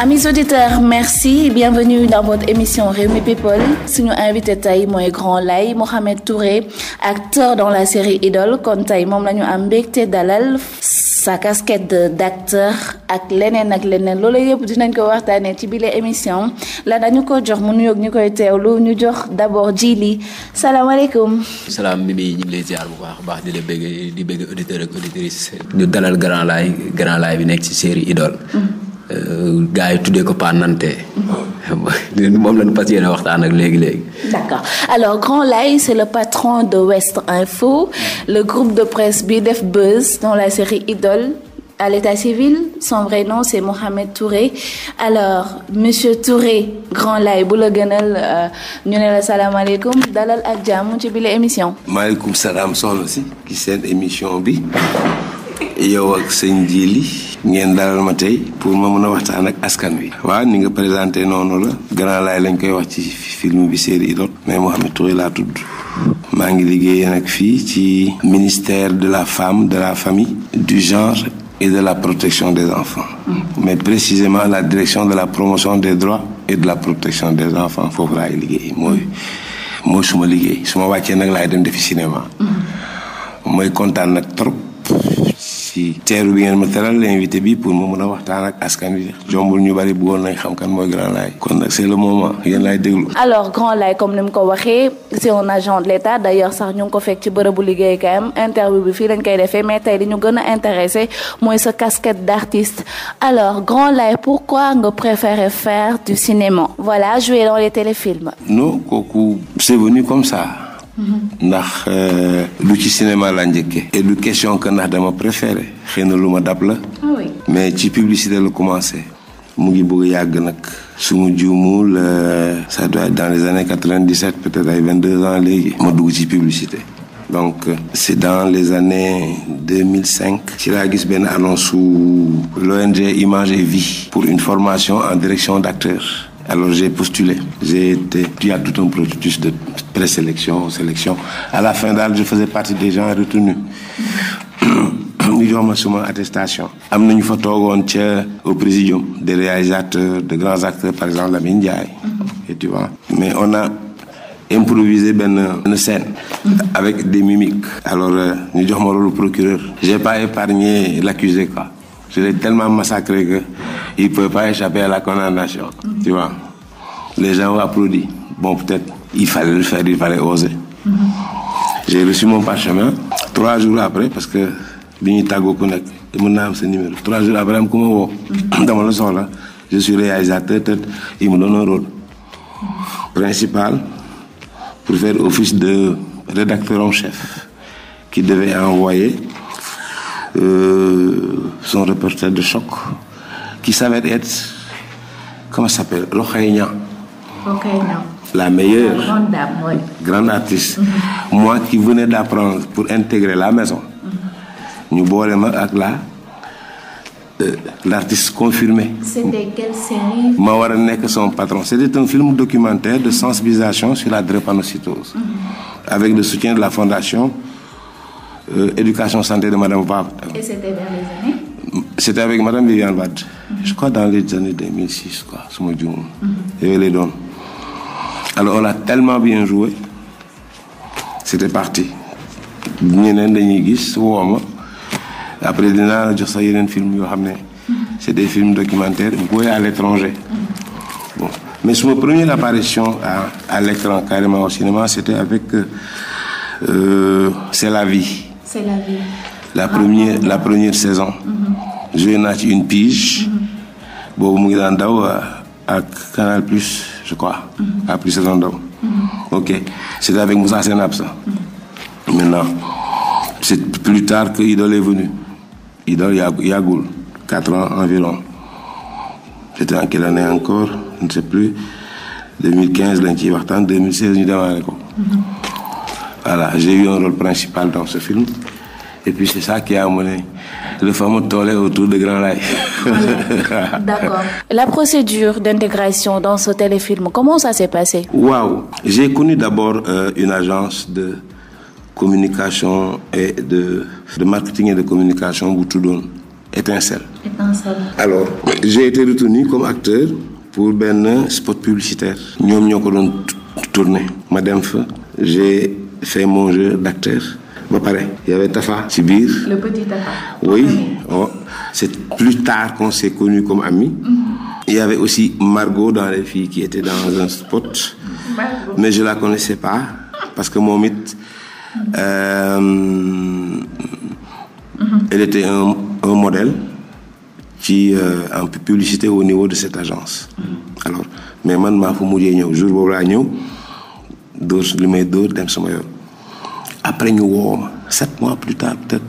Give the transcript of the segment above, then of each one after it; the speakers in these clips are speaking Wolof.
Amis auditeurs, merci et bienvenue dans votre émission Réumi People. Suñu invité tey mooy Grand Laye Mohamed Touré acteur dans la série Idole kon tey moom la ñu am mbégte dalal sa casquette d'acteur ak leneen ak leneen loolu yëpp dinañ ko waxtaanee ci bile émission la dañu ko jox mu nuyoog ñu koy teew teewlu ñu jox d'abord Djily salaamaaleykum. salaam Mimi ñu ngi lay ziar bu baax baax di la bëgg di bëgg auditeur ak auditrice ñu dalal Grand Laye Grand nekk ci série Idole. Mm-hmm. Euh, gars yi tuddee ko Paa Nante. Mm-hmm. moom lañu fas yéene waxtaan ak léegi léegi. d'accord Grand Laye c'est le patron de West Info mm-hmm. le groupe de presse bi def buzz dans la série Idole à l'état civil son vrai nom c'est Mohamed Touré alors monsieur Touré Grand Laye bu la gënal euh, ñu ne la salaamaaleykum dalal ak jàmm ci émission. maaleykum salaam soxna si. ci seen émission bi. yow ak sëñ Jili. ngeen dalal ma tey pour ma mën a waxtaan ak askan wi. waaw ni nga présenté noonu la Grand Laye lañ koy wax ci film bi série Idoles mais Mouhamed Touré laa tudd. maa ngi liggéeyee nag fii ci ministère de la femme de la famille du genre et de la protection des enfants. mais précisément la direction de la promotion des droits et de la protection des enfants foofu laay liggéey mooy mooy suma liggéey su ma wàccee nag laay dem defi cinéma. mooy kontaan nag trop ci teeru bi ngeen ma teral l'invité bi pour ma mën a waxtaan ak askan wi jombul ñu bari bëggoon nañ xam kan mooy Grand Laye kon nag c'est le moment yéen laay déglu. alors Grand Laye comme ni mu ko waxee c'est un agent de l'État d'ailleurs sax ñu ngi ko fekk ci bërëbu liggéeykaayam interview bi fii lañ koy defee mais tey li ñu gën a intéressé mooy sa casquette d'artiste alors Grand Laye pourquoi nga préféré faire du cinéma voilà jouer dans les téléfilms. non kooku c'est venu comme ndax du euh, ci cinéma laa njëkkee. et du question que ndax dama préféré xëy na lu ma dab la. Ah mais ci publicité la commencé. mu ngi bugg yàgg nag su mu juumul euh, ça doit être dans les années 97 peut-être ay 22 ans léegi. ma dugg ci publicité. donc c'est dans les années 2005. ci laa gis benn annonce su l'ONG image et Vie. pour une formation en direction d'acteurs. Alors j'ai postulé. J'ai été. Il tout un processus de présélection, sélection. À la fin daal je faisais partie des gens retenus. ñu jox ma suma attestation. am na ñu fa toogoon ca au présidium des réalisateurs de grands acteurs par exemple Lamine Ndiaye. et tu mais on a improvisé benn scène. avec des mimiques. alors euh, ñu jox ma rôle procureur. j'ai pas épargné l'accusé quoi. je l'ai tellement massacré que il ne pas échapper à la condamnation. Mhm. Les gens ont applaudi. Bon, peut-être, il fallait le faire, il fallait oser. Mhm. J'ai reçu mon parchemin trois jours après parce que Bini Tago Connect, mon âme, c'est numéro. Trois jours après, comment on Dans mon leçon, là, je suis réalisateur, il me donne un rôle principal de rédacteur en chef qui devait envoyer Euh, son reporter de choc qui s'avère être comment s'appelle Rokhaya Niang la meilleure la grande, dame, oui. grande artiste mm -hmm. moi qui venais d'apprendre pour intégrer la maison mhm. ñu boole ma ak la euh, l'artiste confirmé. c'était quelle série. ma war a nekk son patron c'était un film documentaire de sensibilisation sur la drépanocytose. Mm -hmm. avec le soutien de la fondation Euh, éducation santé de madame Wade. et c'était vers les années. c'était avec madame Viviane Wade. je crois dans les années 2006 quoi mhm. on a tellement bien joué c'était parti. ñeneen dañuy gis woo ma après dinaa la jox sa yeneen film yoo xam ne. Mhm. c'est des films documentaires voués à l'étranger. Mhm. bon mais suma première apparition à à carrément au cinéma c'était avec euh, C'est la vie. c'est la la première la première saison. Mm-hmm. joué naa une pige. Mm-hmm. boobu mu ngi daan daw euh, ak Canal Plus je crois. à mm-hmm. plus saison daw. ok c' était avec Moussa Senab ça. maintenant c' est plus tard que Idole est venu Idole yàggul quatre ans environ c' en quelle année encore je ne sais plus 2015 lañ ciy waxtaan 2016 ñu démarré ko. Voilà, j'ai eu un rôle principal dans ce film. Et c'est ça qui a amené le fameux tollé autour de Grand Laye. D'accord. La procédure d'intégration dans ce téléfilm, comment ça s'est passé J'ai connu d'abord euh, une agence de communication et de, de marketing et de communication, Boutoudon, Étincelle. Étincelle. Alors, j'ai été retenu comme acteur pour un spot publicitaire. Nous avons tourné. Madame Feu, c'est mon jeu d'acteur ba pare y ci biir. le petit Tafa. oui oh c'est plus tard qu'on s'est connus comme amis. il avait aussi Margot dans les filles qui était dans un spot. mais je la connaissais pas parce que moom it. Euh, elle était un modèle ci euh, en publicité au niveau de cette agence. Mm-hmm. alors mais man maa fa mujjee ñëw jour boobu laa ñëw. dóor li may dóor dem sama yoon après ñu woo sept mois plus tard peut-être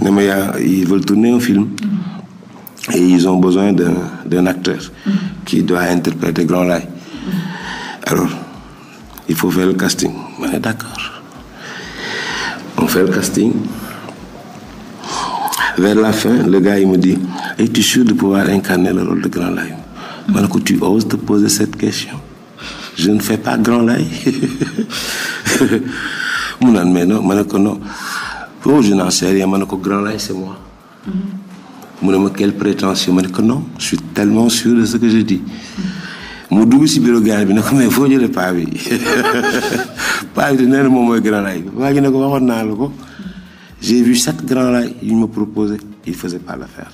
ne ma yaa veulent tourner un film. Mm-hmm. et ils ont besoin d'un acteur. Mm-hmm. qui doit interpréter Grand Laye. Mm-hmm. alors il faut faire le casting ma ne d'accord on fait le casting. vers la fin le gars me dit es-tu sûr de pouvoir incarner le rôle de Grand Laye. ma ne ko tu oses te poser cette question. je ne fais pas grand lay mu naan mais non ma ne ko non oh je n'en sais rien ma ne ko grand lay c'est moi. mu ne ma quelle prétention ma ne ko non je suis tellement sûr de ce que je dis. mu dugg si bureau gars bi ne ko mais foo jëlee paa bi paa bi nee moom mooy grand lay waa ji ne ko waxoon naa la ko j'ai vu sept grand lay yu ñu ma proposé il faisait pas l'affaire.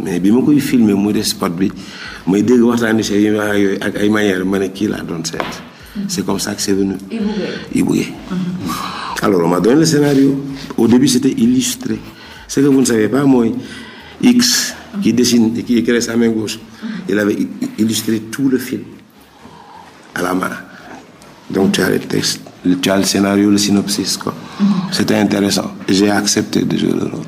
mais bi ma koy filmer muy de spot bi may dégg waxtaani chef yooyu ak ay manière ma ne kii laa doon seet. c'est comme ça que c'est venu. Ibou Guèye mhm. alors on m'a le scénario au début c'était illustré ce que vous ne savez pas mooy X. qui dessine et qui écrit sa main gauche. il avait illustré tout le film à la main donc tu as le texte tu as le scénario le synopsis quoi. Mhm. c'était intéressant j'ai accepté de jouer le rôle.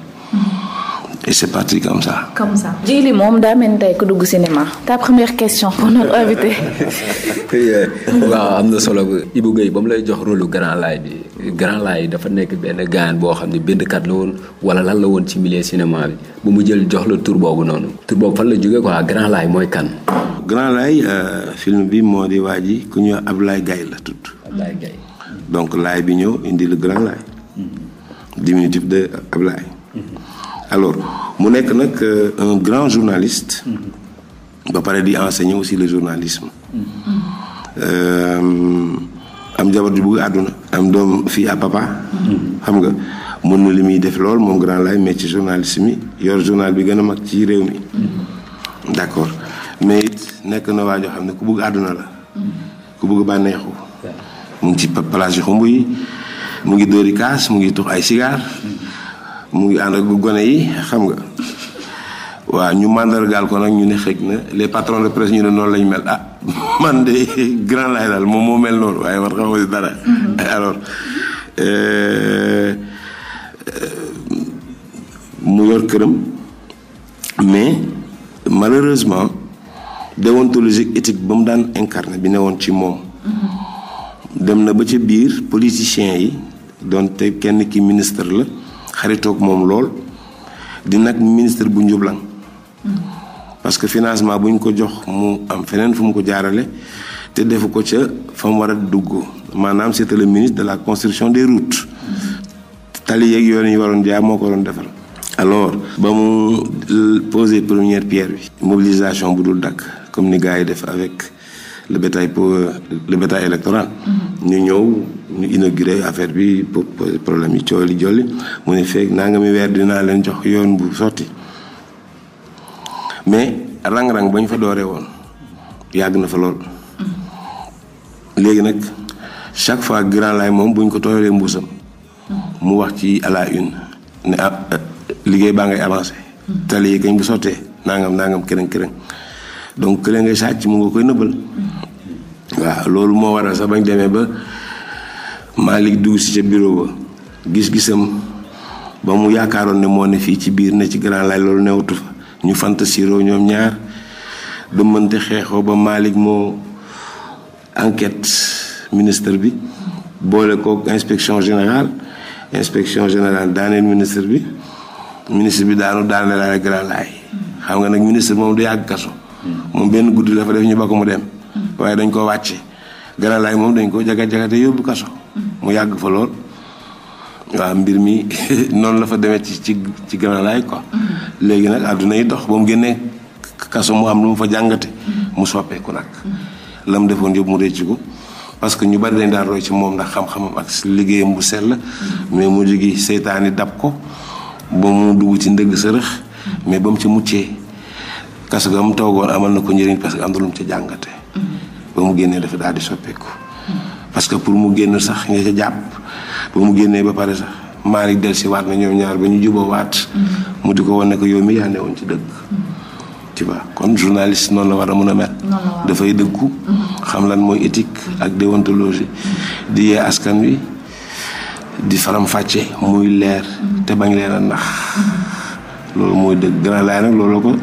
et c'est parti comme ça. comme ça Djily moom daa mel ni tey ku dugg cinéma. ta première question pour euh, waaw am na solo Ibou Guèye ba mu lay jox rôle Grand Laye bi Grand Laye dafa nekk benn gaan boo xam ne bindkat la woon wala lan la woon ci milieu cinéma bi bu mu jël jox la tur boobu noonu. tur boobu fan la jógee quoi Grand Laye mooy kan. Grand Laye euh, film bi moo di waa ji ku ñuy wax Ablaye Gaye la tudd. Ablaye Gaye. donc laay bi ñëw indi le Grand Laye. Mm-hmm. diminutif de Ablaye. Mm-hmm. alors mu nekk nag euh, un grand journaliste. Mm-hmm. ba pare di enseigner aussi le journalisme. Mm-hmm. Euh, am jabar ju bëgg àdduna. am doom fii à mm-hmm. xam nga mën na li muy def lool moom grand lay mais ci journalisme yi yor journal bi gën a mag ci réew mi. d' accord mais it nekk na waa joo xam ne ku bëgg àdduna la. ku bugg bànneexu. mu ngi ci place yu xumb yi mu ngi dóori kaas mu ngi tux ay cigares. mu ngi ànd ak bu gone yi xam nga waaw ñu màndargaal ko nag ñu ne xëj na les patrons de ñu ne noonu lañu mel ah man de grand laay daal moom moo mel noonu waaye war xamoo si dara mhm. alors euh, euh, mu yor këram mais malheureusement déontologique éthique ba mu daan incarne bi ne woon ci moom mhm. dem na ba ca biir politiciens yi te kenn ki ministre la xaritoog moom lool di nag ministre bu njublang parce que financement bu ñu ko jox mu am feneen fu mu ko jaarale te defu ko ca fa war a dugg maanaam c'était le ministre de la construction des routes tali yeeg yoon yi waroon jaar moo ko waroon defal alors ba mu poser première pierre bi mobilisation bu dul dakk comme ni gars yi def avec le bétail pour euh, le mm-hmm. ñu ñëw ñu inauguré affaire bi pour problème yi cooli jolli mu ne feeg naa mi weer dinaa leen jox yoon bu sotti mais rang-rang ba fa dooree woon yàgg na fa lool. Mm-hmm. léegi nag chaque fois grand laay moom buñ ko tooyalee mbuusam. Mm-hmm. mu wax ci à une ne ah euh, liggéey baa ngay avancé. tali yi kañ bu sottee nangam nangam keneen keneen donc kële ngay sàcc mu nga koy nëbbal. waaw loolu moo waral sax bañ demee ba Malick dugg si ca bureau ba gis-gisam ba mu yaakaaroon ne moo ne fii ci biir ne ci grand lay loolu newatu ñu ñu fantasiroo ñoom ñaar dëmmante xeexoo ba Malick moo enquête ministre bi boole ko inspection générale inspection général daaneel ministre bi ministre bi daanu daane laale grand laay xam nga nag ministre moom du yàgg kaso hmm. moom benn guddi la fa def ñu bokk ko mu dem waaye dañ koo wàcce garalaay moom dañ koo jagat-jagate yóbbu kaso mm-hmm. mu yàgg fa lool waaw mbir mi noonu la fa demee ci ci ci garalaay mm-hmm. léegi nag àdduna yi dox ba mu génnee kaso mu am lu mu fa jàngate mm-hmm. mu soppeeku nag la mu defoon yëpp mu récci ko parce que ñu bari dañ daan roy ci moom ndax xam-xamam ak liggéeyam bu sell mais mu jógi seytaani dab ko ba mu dugg ci ndëgg sërëx mais ba mu ci muccee kaso ga mu toogoon amal na ko njëriñ parce que am na lu mu ca jàngate ba mu génnee dafa daal di soppeeku. parce que pour mu génn sax nga ca jàpp ba mu génnee ba pare sax maari del si waat na ñoom ñaar ba ñu juboo waat mu di ko wane ko yow mi yaa newoon ci dëgg tu vois kon journaliste noonu la war a mën a mel dafay dëggu xam lan mooy éthique ak déontologie di yee askan wi di faram fàcce muy leer te bañ leen a nax loolu mooy dëgg gën a laay nag ko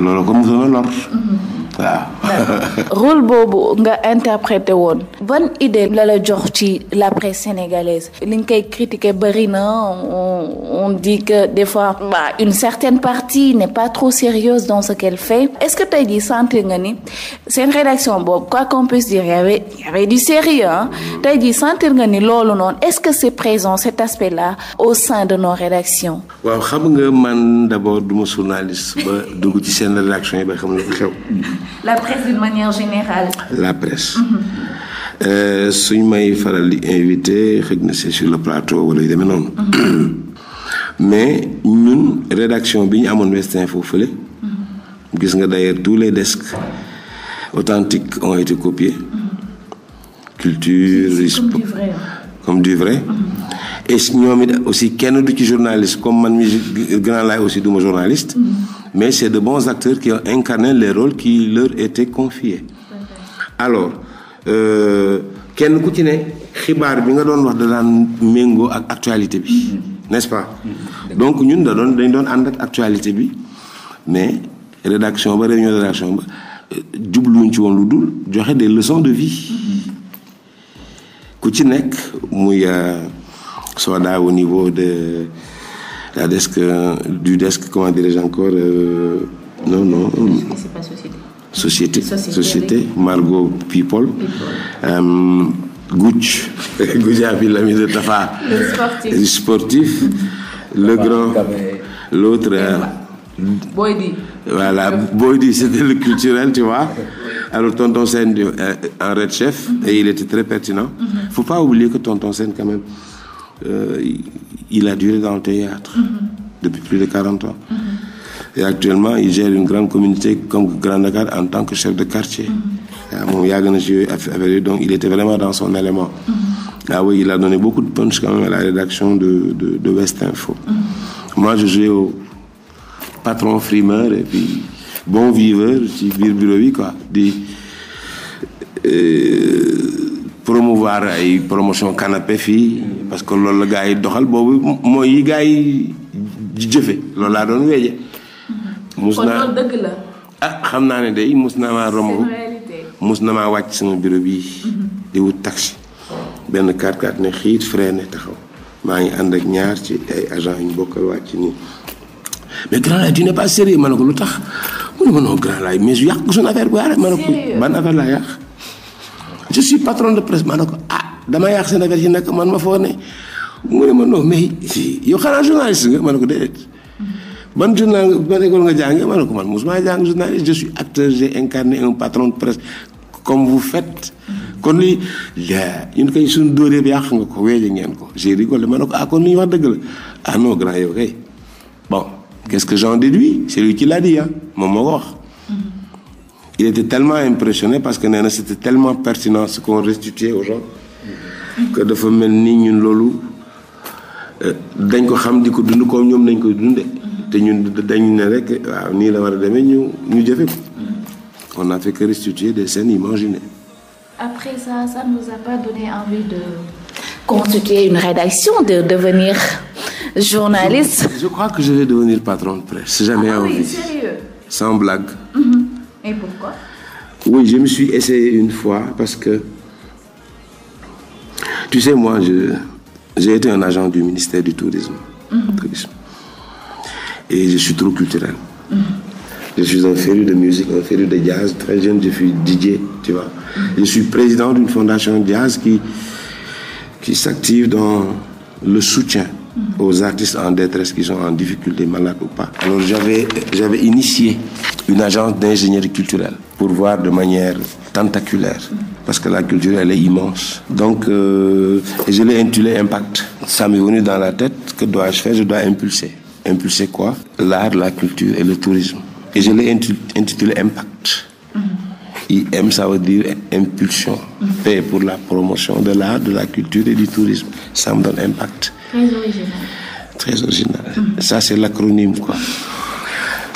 looloo ko mosoon lor mm-hmm. waaw rôle boobu nga interprété woon ban idée la la jox ci la presse sénégalaise li nga koy critiqué bëri na on dit que des fois bah, une certaine partie n'est pas trop sérieuse dans ce qu'elle fait est-ce que tey jii santé nga ni seen rédaction boobu quoi qu'on puisse dire y avait du sérieux ah tey jii sentir nga ni loolu noonu est-ce que c'est présent cet aspect-là au sein de nos rédactions waaw xam nga man d'abord duma journaliste ba dugg ci seen rédaction presse d'une manière générale. la presse. Euh, suñ may faral di invité xëj na c'est sur le plateau wala yu demee noonu. mais ñun rédaction bi ñu amoon West Info fële. gis nga d'ailleurs tous les desks authentiques ont été copiés. culture comme du vrai et du vrai. et ñoom aussi kenn du ci journaliste comme man mi grand laay aussi duma journaliste. Mm-hmm. mais c'est de bons acteurs qui ont incarné les rôles qui leur étaient confiés. alors euh, kenn ku ci ne xibaar bi nga doon wax da daan méngoo ak actualité bi. n'est-ce pas. donc ñun da doon dañ doon ànd ak actualité bi mais rédaction ba réunion rédaction ba euh, jubluwuñ ci woon lu dul joxe des leçons de vie. ku ci nekk muy euh, soit daa au niveau de. la desk euh, du desk comment dirais-je encore euh, non non. c'est pas société. société société, société Margot People. Euh, Gouch Gouja bi l'ami de Tafa. le sportif le sportif. le grand l'autre. Euh, Boydi. voilà Boydi c'était le culturel tu vois. alors tonton Sène en euh, red chef. et il était très pertinent. Mm-hmm. faut pas oublier que tonton Sène quand même. Euh, il a duré dans le théâtre mm-hmm. depuis plus de 40 ans. Mm-hmm. et actuellement il gère une grande communauté comme Grand Dakar en tant que chef de quartier. waaw moom mm-hmm. ah na ci affaire yi donc il était vraiment dans son élément. Ah il a donné beaucoup de punch quand même à la rédaction de West Info. moi je jouais au patron frimeur et bon viveur ci quoi di. Euh, promouvoir ay promotion canapé fii parce que loolu la gaa yi doxal boobu mooy yi gars yi jëfe loolu laa doon weeje ah xam naa ne day mus na maa romb mus na maa wàcc sama bureau bii mhm. di wut taxi benn 4x4 ne xiit freiné taxaw maa ngi ànd ak ñaar ci ay agent yu ñu bokkal wàcc nii mais grand laay tu n'es pas sérieux ma ne ko lu tax mu ne ma non grand laay mais su yàq suñu affaire bu yaare ma ne ko ban affaire laa yàq je suis patron de presse ma ne ko ah dama yàq Sénégal yi nekk man ma foo ne mu ne ma non mais yow xanaa journaliste nga ma ne ko déedéet. ban journal ban école nga jàngee je suis acteur j'ai incarné un patron de presse comme vous faites. kon lii ñun koy suñu dóoree bi yàq nga ko weeje ngeen ko j'ai rigolé ma ne ko ah kon li ñu wax dëgg la ah non grand yow kay bon qu'est-ce que j'en déduis c'est lui qui l'a dit ah moom moo ko wax. il était tellement impressionné parce que nee na c'était tellement pertinent ce qu'on restituait aux gens que dafa mel ni ñun loolu euh, dañ ko xam di ko dund comme ñoom nañ koy dunde te ñun dañu ne rek waaw nii la war a demee ñu ñu jëfe ko on n'a fait que restituer des scènes imaginées après ça ça ne nous a pas donné envie de constituer une rédaction de devenir journaliste je, crois que je vais devenir patron de presse si jamais ah envie sans blague mm-hmm. Et pourquoi Oui, je me suis essayé une fois parce que, tu sais, moi, j'ai été un agent du ministère du Tourisme. Mm -hmm. Et je suis trop culturel. Mm -hmm. Je suis un féru de musique, un féru de jazz. Très jeune, je suis DJ, tu vois. Mhm. Je suis président d'une fondation jazz qui, qui s'active dans le soutien aux artistes en détresse qui sont en difficulté, malades ou pas. Alors j'avais, j'avais initié une agence d'ingénierie culturelle pour voir de manière tentaculaire, parce que la culture, elle est immense. Donc, euh, je l'ai intitulé Impact. Ça m'est venu dans la tête, que dois-je faire Je dois impulser. Impulser quoi L'art, la culture et le tourisme. Et je l'ai intitulé Impact. IM, ça veut dire impulsion. P pour la promotion de l'art, de la culture et du tourisme. Ça me donne impact. Très original. Très original. Mm -hmm. Ça, c'est l'acronyme, quoi.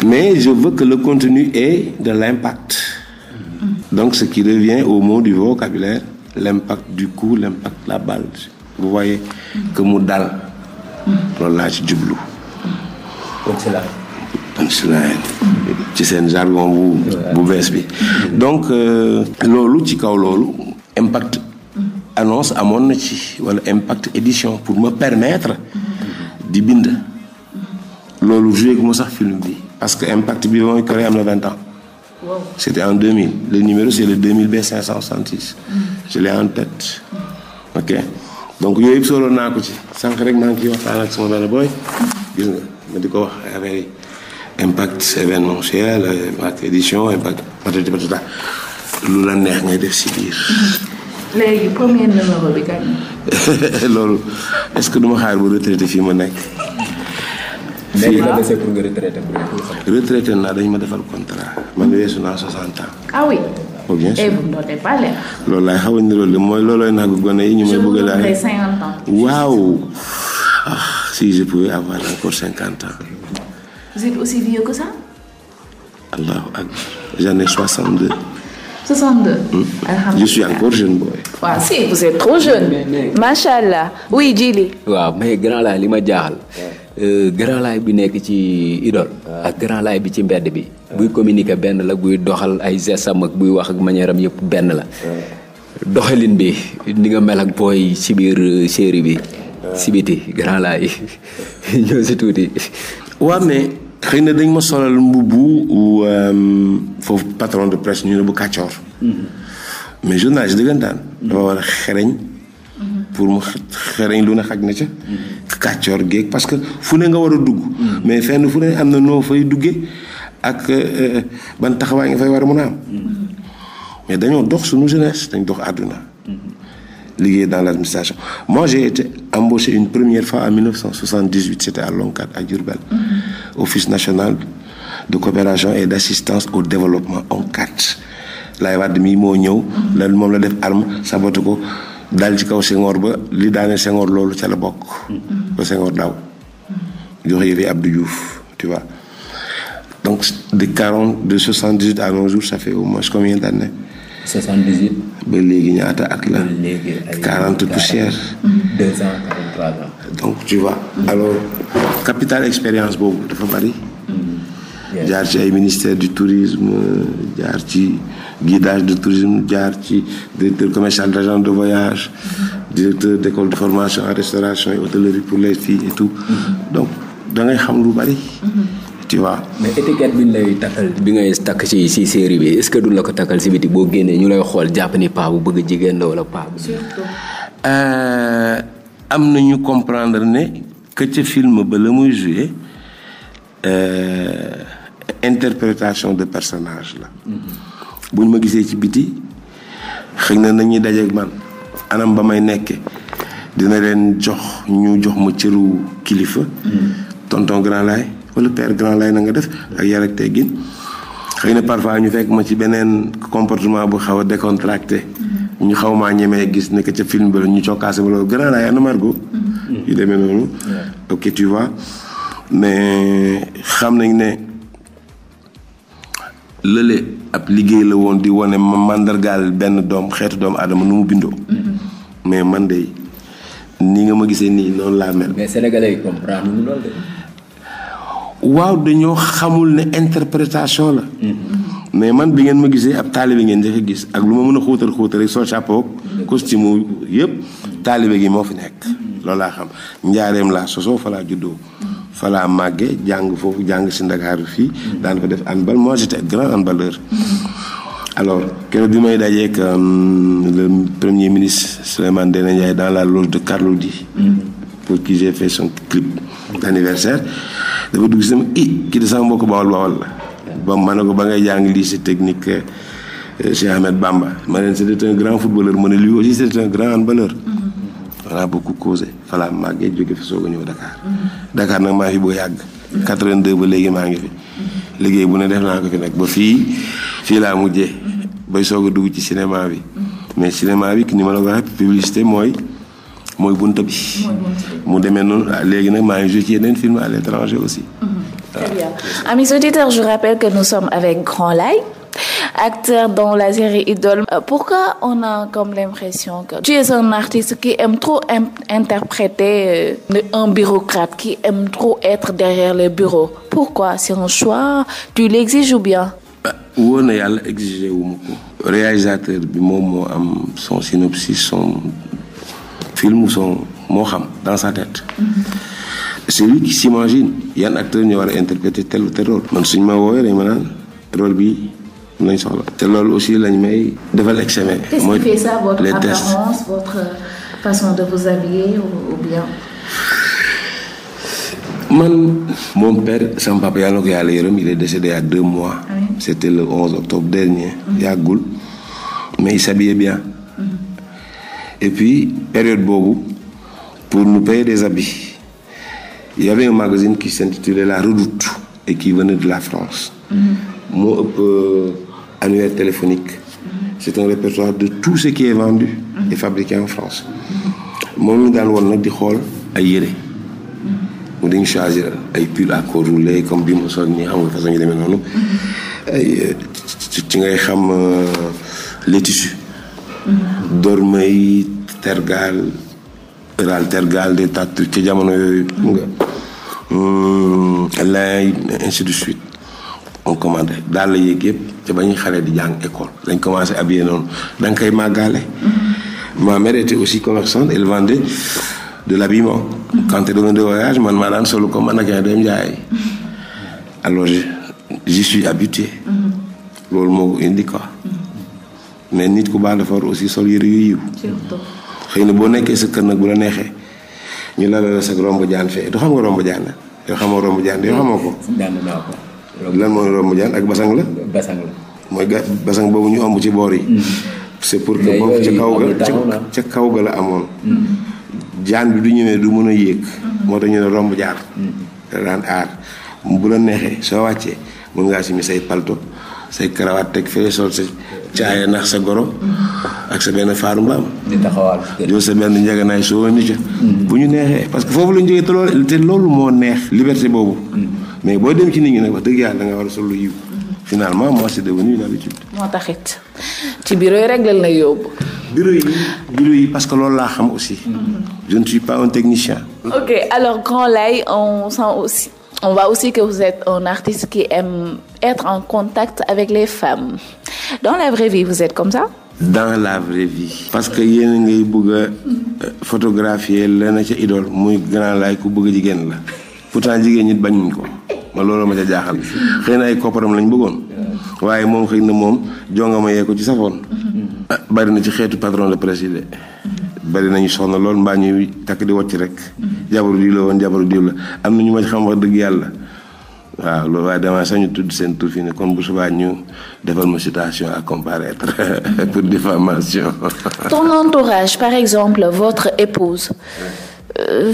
Mais je veux que le contenu ait de l'impact. Mm -hmm. Donc, ce qui revient au mot du vocabulaire, l'impact du coup, l'impact de la balle. Vous voyez mm -hmm. que mon dal, l'âge du bleu. Donc, c'est là. punchline ci seen jargon bu bees bi donc euh, loolu ci kaw loolu impact annonce amoon na ci wala impact édition pour ma permettre di bind loolu joué gu ma sax film bi parce que impact bi mooy créé am na vingt ans c' en 2000 le numéro c' est le 2000 B566 mm. je l'ai en tête ok donc yooyu yëpp sóoroon naa ko ci sànq rek maa ngi ciy waxtaan ak benn booy ma di ko wax impact événementiel impact édition impact patata lu la neex ngay def si biir. loolu est-ce que duma xaar bu retraité fii ma nekk. fii la dese pour naa dañ ma defal contrat man weesu naa 60 ans. Ah oh, loolu laay xaw ni loolu mooy loolooy nag gone yi ñu may bëgg laa. waaw ah si je encore 50 ans. Vous êtes aussi vieux que ça Allahu akbar j'en ai booy. jeune. macha allah oui Djily. waaw mais grand laay li ma jaaxal. Euh, grand laay bi nekk ci idole. ak grand laay bi ci mbedd bi. buy communiquer benn la buy doxal ay gestam ak buy wax ak manière am yëpp benn la. doxalin bi ni nga mel ak booy ci biir euh, série bi. sibiti grand laay ñoo si tuuti. waaw mais. xëy na dañ ma solal mbubbu euh, foofu patron de presse ñu ne bu kàccoor mm-hmm. mais journaliste dëggantaan mm-hmm. dafa war a xereñ mm-hmm. pour mu xereñ lu ne xaj na ca kàccoor géeg parce que fu ne nga war a dugg mais fenn fu ne am na noo fay dugge ak euh, euh, ban taxawaay nga fay war a mën a am mais dañoo dox suñu jeunesse dañ dox àdduna liggéey dans l' administration moi j'ai été embauché une première fois en 1978 c' était à Lonkat à Diourbel mm -hmm. office national de coopération et d' assistance au développement ONCAD Laye Wade mii moo ñëw mm-hmm. moom la def arme sabote ko daal ci kaw Senghor ba li daane Senghor loolu ca la bokk mm-hmm. ba Senghor daaw mm-hmm. de 40 de 78 à nos jours ça fait au moins 78. ba léegi ñaata ak la. ba léegi ay poussière. donc tu vois. alors capital expérience boobu dafa bari. Mm-hmm. jaar ci ay ministère du tourisme jaar ci guidage de tourisme jaar ci directeur commercial de agent de voyage. Mm-hmm. directeur d' école de formation en restauration hôtellerie pour les et tout. Mm-hmm. donc da xam lu bari. tu mais étiquette bi ngay takk ci ci série bi est-ce que duñ la ko takkal si biti boo génnee ñu lay xool jàpp ni paa bu bëgg jigéen la wala paa bu. Euh, am na ñu comprendre ne que ca film ba la muy joué euh, interprétation de personnage la. Mm-hmm. buñ ma gisee ci biti xëy na nañuy dajeeg man anam ba may nekkee. dina leen jox ñu jox ma cëru kilifa. Mm-hmm. tonton grand laay wala père grand lay na nga def ak yar ak teggin xëy na parfois ñu fekk ma ci beneen comportement bu xaw a décontracté mm-hmm. ñu xaw ma ñemee gis ne que ca film ba la ñu cokkaase ba loolu grand laay ana mm-hmm. demee noonu ok tu xam nañ ne lële ab liggéey la woon di wane ma màndargaal benn doom xeetu doomu aadama nu mu bindoo mm-hmm. mais man de nii nga ma gisee nii loolu laa mel waaw dañoo xamul ne interprétation la mm-hmm. mais man bi ngeen ma gisee ab taalibe ngeen njëkk a gis ak lu ma mën a xuutal xuutal rek soo chapeau mm-hmm. costume yëpp taalibe gi moo fi nekk mm-hmm. loolu laa xam njaareem laa sosoo falaa laa juddoo fa màggee jàng foofu jàng si Ndakaaru fii daan ko def handball moi j'étais grand handballeur alors keroog bi may dajeek euh, le premier ministre Souleymane Ndéné Ndiaye dans la loge de Carlou di pour qui j'ai fait son clip d'anniversaire dafa dugg si sama i kii de sama mbokk bawal bawal la ba ma ko ba ngay jàng lycée technique euh, Cheikh Ahmed Bamba ma ne c'était un grand footballeur ma ne lui aussi c'était un grand handballeur mm-hmm. on a beaucoup causé voilà màggee jóge fa soog a ñëw Dakar mm-hmm. Dakar nag maa fi boo yàgg 82 mm-hmm. ba léegi maa ngi fi liggéey bu ne def naa ko fi nag ba fii fii laa mujjee bay soog a dugg ci cinéma bi mais cinéma bi ni ma la ko waxee publicité mooy mooy bunta bi. mu demee noonu ah, léegi nag maa ngi joué ci yeneen film à l'étranger aussi. Mm-hmm. très bien amis auditeurs je rappelle que nous sommes avec Grand Laye acteur dans la série Idole. Euh, pourquoi on a comme l'impression que tu es un artiste qui aime trop interpréter euh, un bureaucrate qui aime trop être derrière les bureaux pourquoi c'est un choix tu l'exiges ou bien. wóor na yàlla exiger wu ma ko. réalisateur bi moom moo am son synopsis son. film ou moo xam dans sa tête. c'est lui qui s'imagine yan acteur ñu war a interpréter tel ou tel man suñ ma woowee dañ ma naan rôle bi lañ soxla. te loolu aussi lañ may defal examen. mooy les tests ça votre apparence votre façon de yàlla na ko yàlla yërëm il est décédé deux mois. Oui. c'était le 11 octobre dernier. Mm-hmm. yàggul mm -hmm. bi il et puis période boobu pour nous payer des habits il y avait un magazine La Redoute et qui venait de la France mm-hmm. moo ëpp euh, annuaire téléphonique mm-hmm. c'est un répertoire de tout ce qui est vendu mm-hmm. et fabriqué en France moom ñu daan woon nag di xool ay yére mu dañu choisir ay pull à col comme bi mu sol nii xam façon ñu demee noonu ay euh, ci ngay xam euh, les tissus dormay tergaal ral tergaal des tàtt ci jamono yooyu nga hmm, lay ainsi de suite on commandé daal la yéeg yëpp ca ba xale di jàng école dañ commencé habillé noonu da nga koy màggaale mm-hmm. ma mère aussi commerçante elle vendait de l'habillement mm-hmm. quand elle venait de voyage man maa daan solu ko man a yaa dem jaay mm-hmm. alors j'y suis habitué loolu moo ko indi mais nit ku baax dafa war aussi sol yëre yu yiw xëy na boo nekkee sa kër nag bu la neexee ñu lalala sag romb jaan fee du xam nga romb jaan yoo xamoo romb jaan yoo xamoo ko lan mooy romb jaan ak basang la mooy ga basang boobu ñu omb ci boor yi mm. c'est pour que boobu ca kaw ga ca kaw ga la amoon mm. jaan bi du ñëwee du mën a yéeg mm-hmm. moo tax ñëwee ne romb jaar mm-hmm. da daan aar bu la neexee soo wàccee mën ngaa simi say palto say karawaat teg fee sol sa caaye nax sa goro. ak sa benn faaru mbaam. di taxawal sa benn njaganaay soo wëndi ca. Mm. bu ñu neexee parce que foofu la ñu jógee te loolu moo neex. liberté boobu. Mm. mais boo dem ci nit ñi nag wax dëgg yàlla da nga war a solo yiw. finalement moi c'est devenu une moo taxit ci bureau yi rek lañ yóbbu. bureau yi parce que loolu laa xam aussi. Mm-hmm. je ne suis pas un technicien. ok alors Grand Laye on sent aussi on voit aussi que vous êtes un artiste qui aime être en contact avec les femmes. dans la vraie vie vous êtes comme ça. dans la parce que yéen a ngay bëgg a euh, photographier lenn ca idole muy grand laay ku bëgg jigéen la pourtant jigéen ñi bañuñ ko ma loolu ma ca jaaxal xëy na ay kopparam lañ bëggoon waaye moom xëy na moom jongama yee ko ci safoon. Ah, bari na ci xeetu patron de presse yi de bari nañu soxna lool mbaa ñuy takk di wàcc rek. jabaru diw la woon jabaru diw la am na ñu ma xam wax dëgg yàlla. waaw la waaye dama sañu tudd seen tur fii ne kon bu subaa ñu defal ma citation à comparaître pour diffamation ton entourage par exemple votre épouse euh,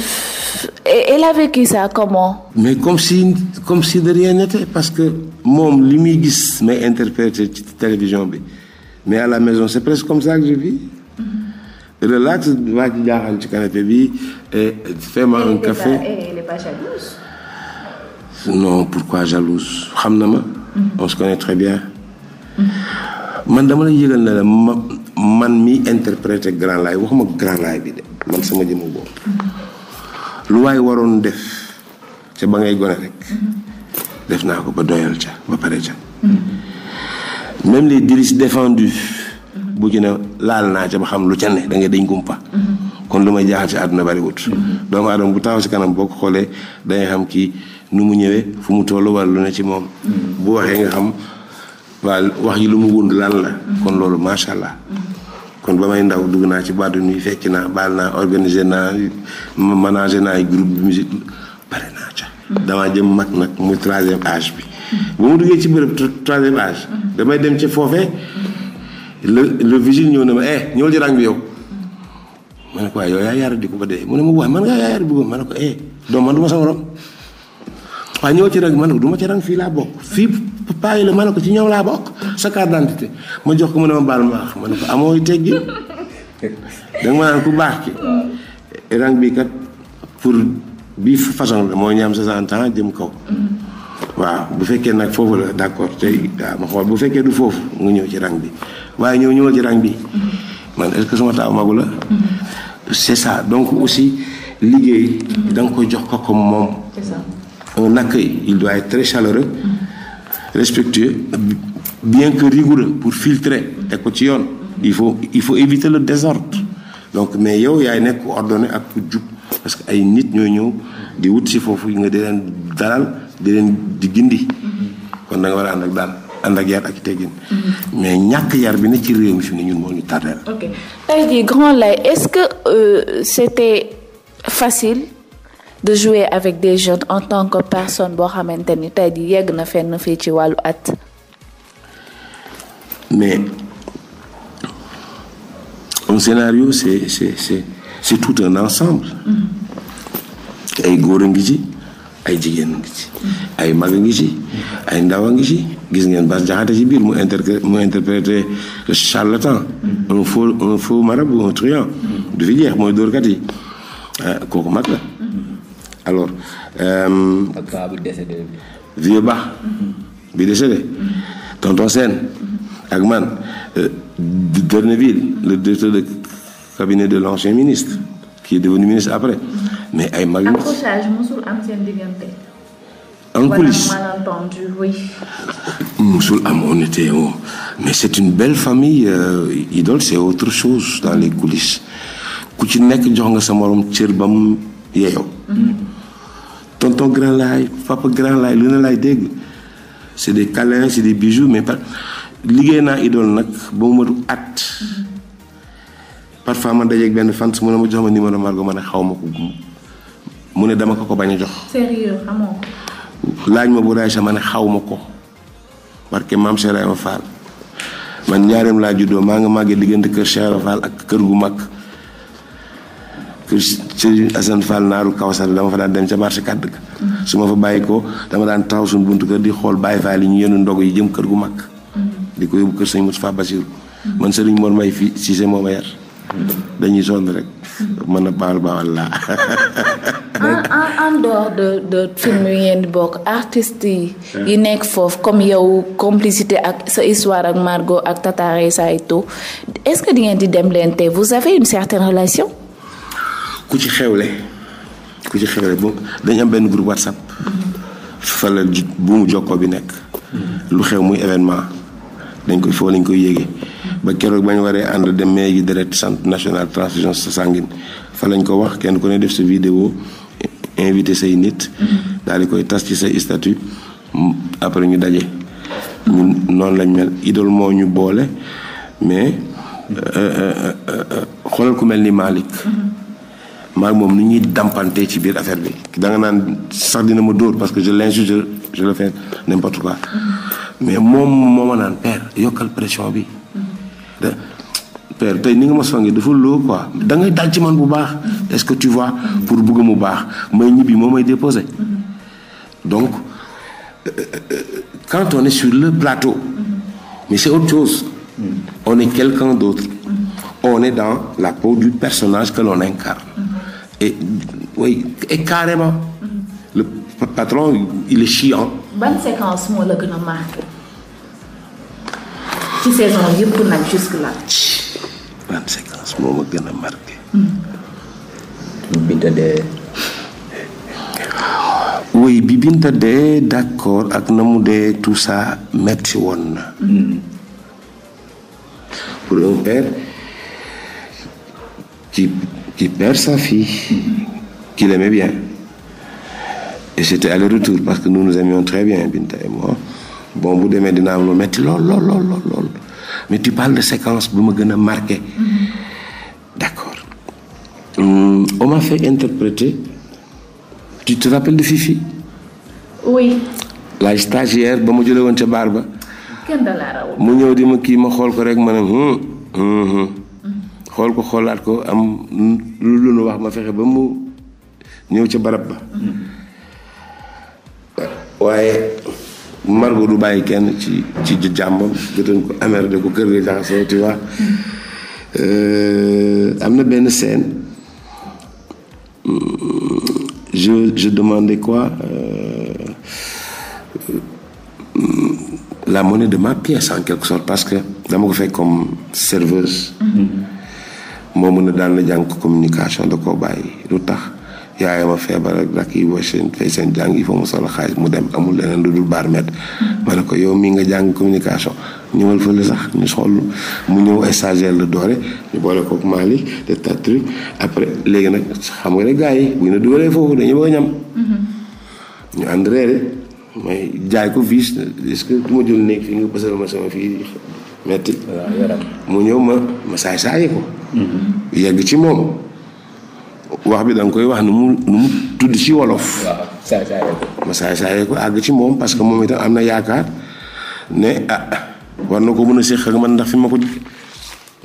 elle a vécu ça comment mais comme si comme de rien n'était parce que moom li muy gis may interprété ci télévision bi mais à la maison c'est presque comme ça que je vis relax waa ci jaaxal ci canapé bi et fais-moi un café non pourquoi jalouse xam na ma. Mm-hmm. on se connaît très bien. Mm-hmm. man dama la yëgal ne la ma man mi interprété Grand Laye waxuma Grand Laye bi de man sama jëmu boobu. Mm-hmm. lu waay waroon def ca ba ngay gone rek. def naa ko ba doyal ca ba pare ca. même les délices défendus. bu ci laal naa ca ba xam lu ca ne da nga dañ gumpa kon lu may jaaxal ci àdduna bari doomu aadama bu taxaw si kanam boo ko xoolee dangay xam kii. nu mu ñëwee fu mu toll wala lu ne ci moom. bu waxee nga xam waa wax ji lu mu wund lan la. kon loolu macha allah. kon ba may ndaw dugg naa ci baatu nuy fekk naa baal naa organiser naa manager naa ay groupe de musique damaa jëm mag nag muy bi. bu mu duggee ci bërëb troisième âge. damay dem ci foofe le le vigile ñëw ne ma eh ñëwal ci rang bi yow. ma ne ko waaye yow yaa yaara di ko ba dee mu ne ma waaye man ngaa yaa yaara di ko ma ne ko eh doom man du ma sa morom. waaw ñëw ci rang ma ne ko du fii laa bokk fii paa yi la ma ko ci ñoom sa ma jox ko ma baal ma wax ma amoo teggi ma naan baax ki bi kat pour bii façon la mooy ñaam 60 waaw bu fekkee nag foofu la d'accord bu fekkee du foofu nga ñëw ci rang bi waaye ñëw ñëwal ci rang bi man est-ce que sama taaw magu mm-hmm. c'est ça donc aussi liggéey da nga koy jox ko comme moom un accueil. Il doit être très chaleureux, respectueux, bien que rigoureux pour filtrer. te ko ci yoon. il faut il faut éviter le désordre. donc mais yow yaay nekk ku ak jub parce que ay nit ñoo ñëw di wut si foofu nga di leen dalal di leen di gindi. kon da nga war a ànd ak daal ànd ak yar ak teggin. mais ñàkk yar bi ne ci réew mi fi mu ñun moo ñu tardeel. ok tey jii Grand est-ce que euh, c'était facile. de jouer avec des jeunes en tant que personne boo xamante ni tey di yegg na fenn fii ci wàllu at. mais un scénario c'est c'est c'est tout un ensemble. Mm-hmm. ay góor a ngi ci ay jigéen a ngi ci. Mm-hmm. ay mag a ngi ci ay ndaw a ngi ci gis ngeen Bass Diakhaté ci biir mu interpré mu interprété charlatan. Mm-hmm. un faux un faux marabout un truand. du fi jeex mooy dóorkat yi ah, kooku mag la. alors. ak euh, paa bu décédé bi. vieux Ba. Mm-hmm. bi décédé. Mm-hmm. tonton Sène. Mm-hmm. ak euh, Derneville le directeur de cabinet de l'ancien ministre qui est devenu ministre après mais ay mag. accrochage musul am seen musul am on était mais c'est une belle famille euh, idole c'est autre chose dans les coulisses ku ci nekk jox nga sa morom cër ba mu yeyoo. tonton Grand Laye papa Grand Laye lu ne laay dégg c'est des câlins c'est des bijoux mais par liggéey naa idol nag ba mu matu at parfois man dajeeg benn fan su ma ma jox ma numéro Margot xaw ma ko ne dama ko ko bañ a jox. ma bu ma ne xaw ma ko parce que maam Cheikh Ibrahima Fall man ñaareem laa juddoo maa ngi màggee diggante kër Cheikh Ibrahima Fall ak kër gu mag Serigne Assane Fall naaru Kawsar dama fa daan dem ca marché kàdd ga su ma fa bàyyi ko dama daan taxaw buntu kër di xool Baye Fall yi ñu yenu ndog yi jëm kër gu mag di ko yóbbu kër sëñ Moustapha Bassirou man Serigne Mor May fii Cissé moo ma yar dañuy sonn rek mën a baal baal laa en dehors de film yi ngeen di bokk artistes yi nekk foofu comme yow complicité ak sa histoire ak Margot ak Tata Ressa et tout est-ce que di ngeen di dem leen te vous avez une certaine relation ku ci xewle ku ci xewle boo dañ am benn groupe whatsapp fa buumu jokkoo bi nekk lu xew muy événement dañ koy foo lañ koy yéege ba keroog bañ waree ànd dem mai gi deret centre national transfusion sanguine fa lañ ko wax kenn ku ne def sa vidéo invité say nit daal di koy tas ci say statut après ñu daje ñun noonu lañ mel idole moo ñu boole mais euh, euh, euh, xoolal ku mel ni Malick maa moom ni ñuy dampante ci biir affaire bi da nga naan sax dina ma dóor parce que je l'injure je je le fais n'importe quoi mais moom moo ma naan père yokkal pression bi père tey ni nga ma songee dafa loo quoi da ngay dal ci man bu baax est-ce que tu vois pour bugg mu baax may ñibbi moo may déposé donc euh, euh, euh, quand on est sur le plateau mais c'est autre chose on est quelqu'un d'autre on est dans la peau du personnage que l'on incarne et oui et carrément. Mm-hmm. le patron il est chiant. ban séquence moo la gën a marqué ci saison yëpp nag Binta dee. oui bi Binta dee d'accord ak na mu dee tout ça metti woon na. Mm-hmm. pour un ci. qui perd sa fille, qu'il aimait bien. Et c'était aller-retour parce que nous nous aimions très bien, Binta et moi. Bon, vous demandez de nous mettre lol, lol, Mais tu parles de séquence, vous me marqué. Mm-hmm. D'accord. Hum, on m'a fait interpréter. Tu te rappelles de Fifi Oui. La stagiaire, ba ma jëlee woon ca baar ba. mu ñëw di ma kii ma xool ko rek ma ne. xool ko xoolaat ko am lu lu nu wax ma fexe ba mu ñëw ca barab ba waaye Margo du bàyyi kenn ci ci jàmbam jotoon ko amer de ko kër ga jaxasoo euh, am na benn scène je je demandais euh, la monnaie de ma pièce en quelque sorte parce que dama ko fekk comme serveuse. Mm-hmm. moo mën a daan na jàng communication da koo bàyyi lu tax yaayama feebar ak rak yi seen seen jàng yi fa mu solo xaalis mu dem amul leneen lu dul baar met ma ne ko yow mii nga jàng communication ñëwal fële sax ñu xool mu ñëw ay stagiaire la doore ñu boole ko Mali te tas truc après léegi nag xam nga ne gars yi bu ñu la dugalee foofu dañu bëgg a ñam mm-hmm. ñu ànd reere may jaay ko viis est-ce que du ma jël néeg fii nga bësal ma sama fii metti mu ñëw ma ma saay saayi ko mhm. yegg ci moom wax bi da koy wax nu mu nu mu tudd ci wolof ma saay saayi ko àgg ci moom parce que moom itam am na yaakaar ne ah war na ko mën a séq ak man ndax fi ma ko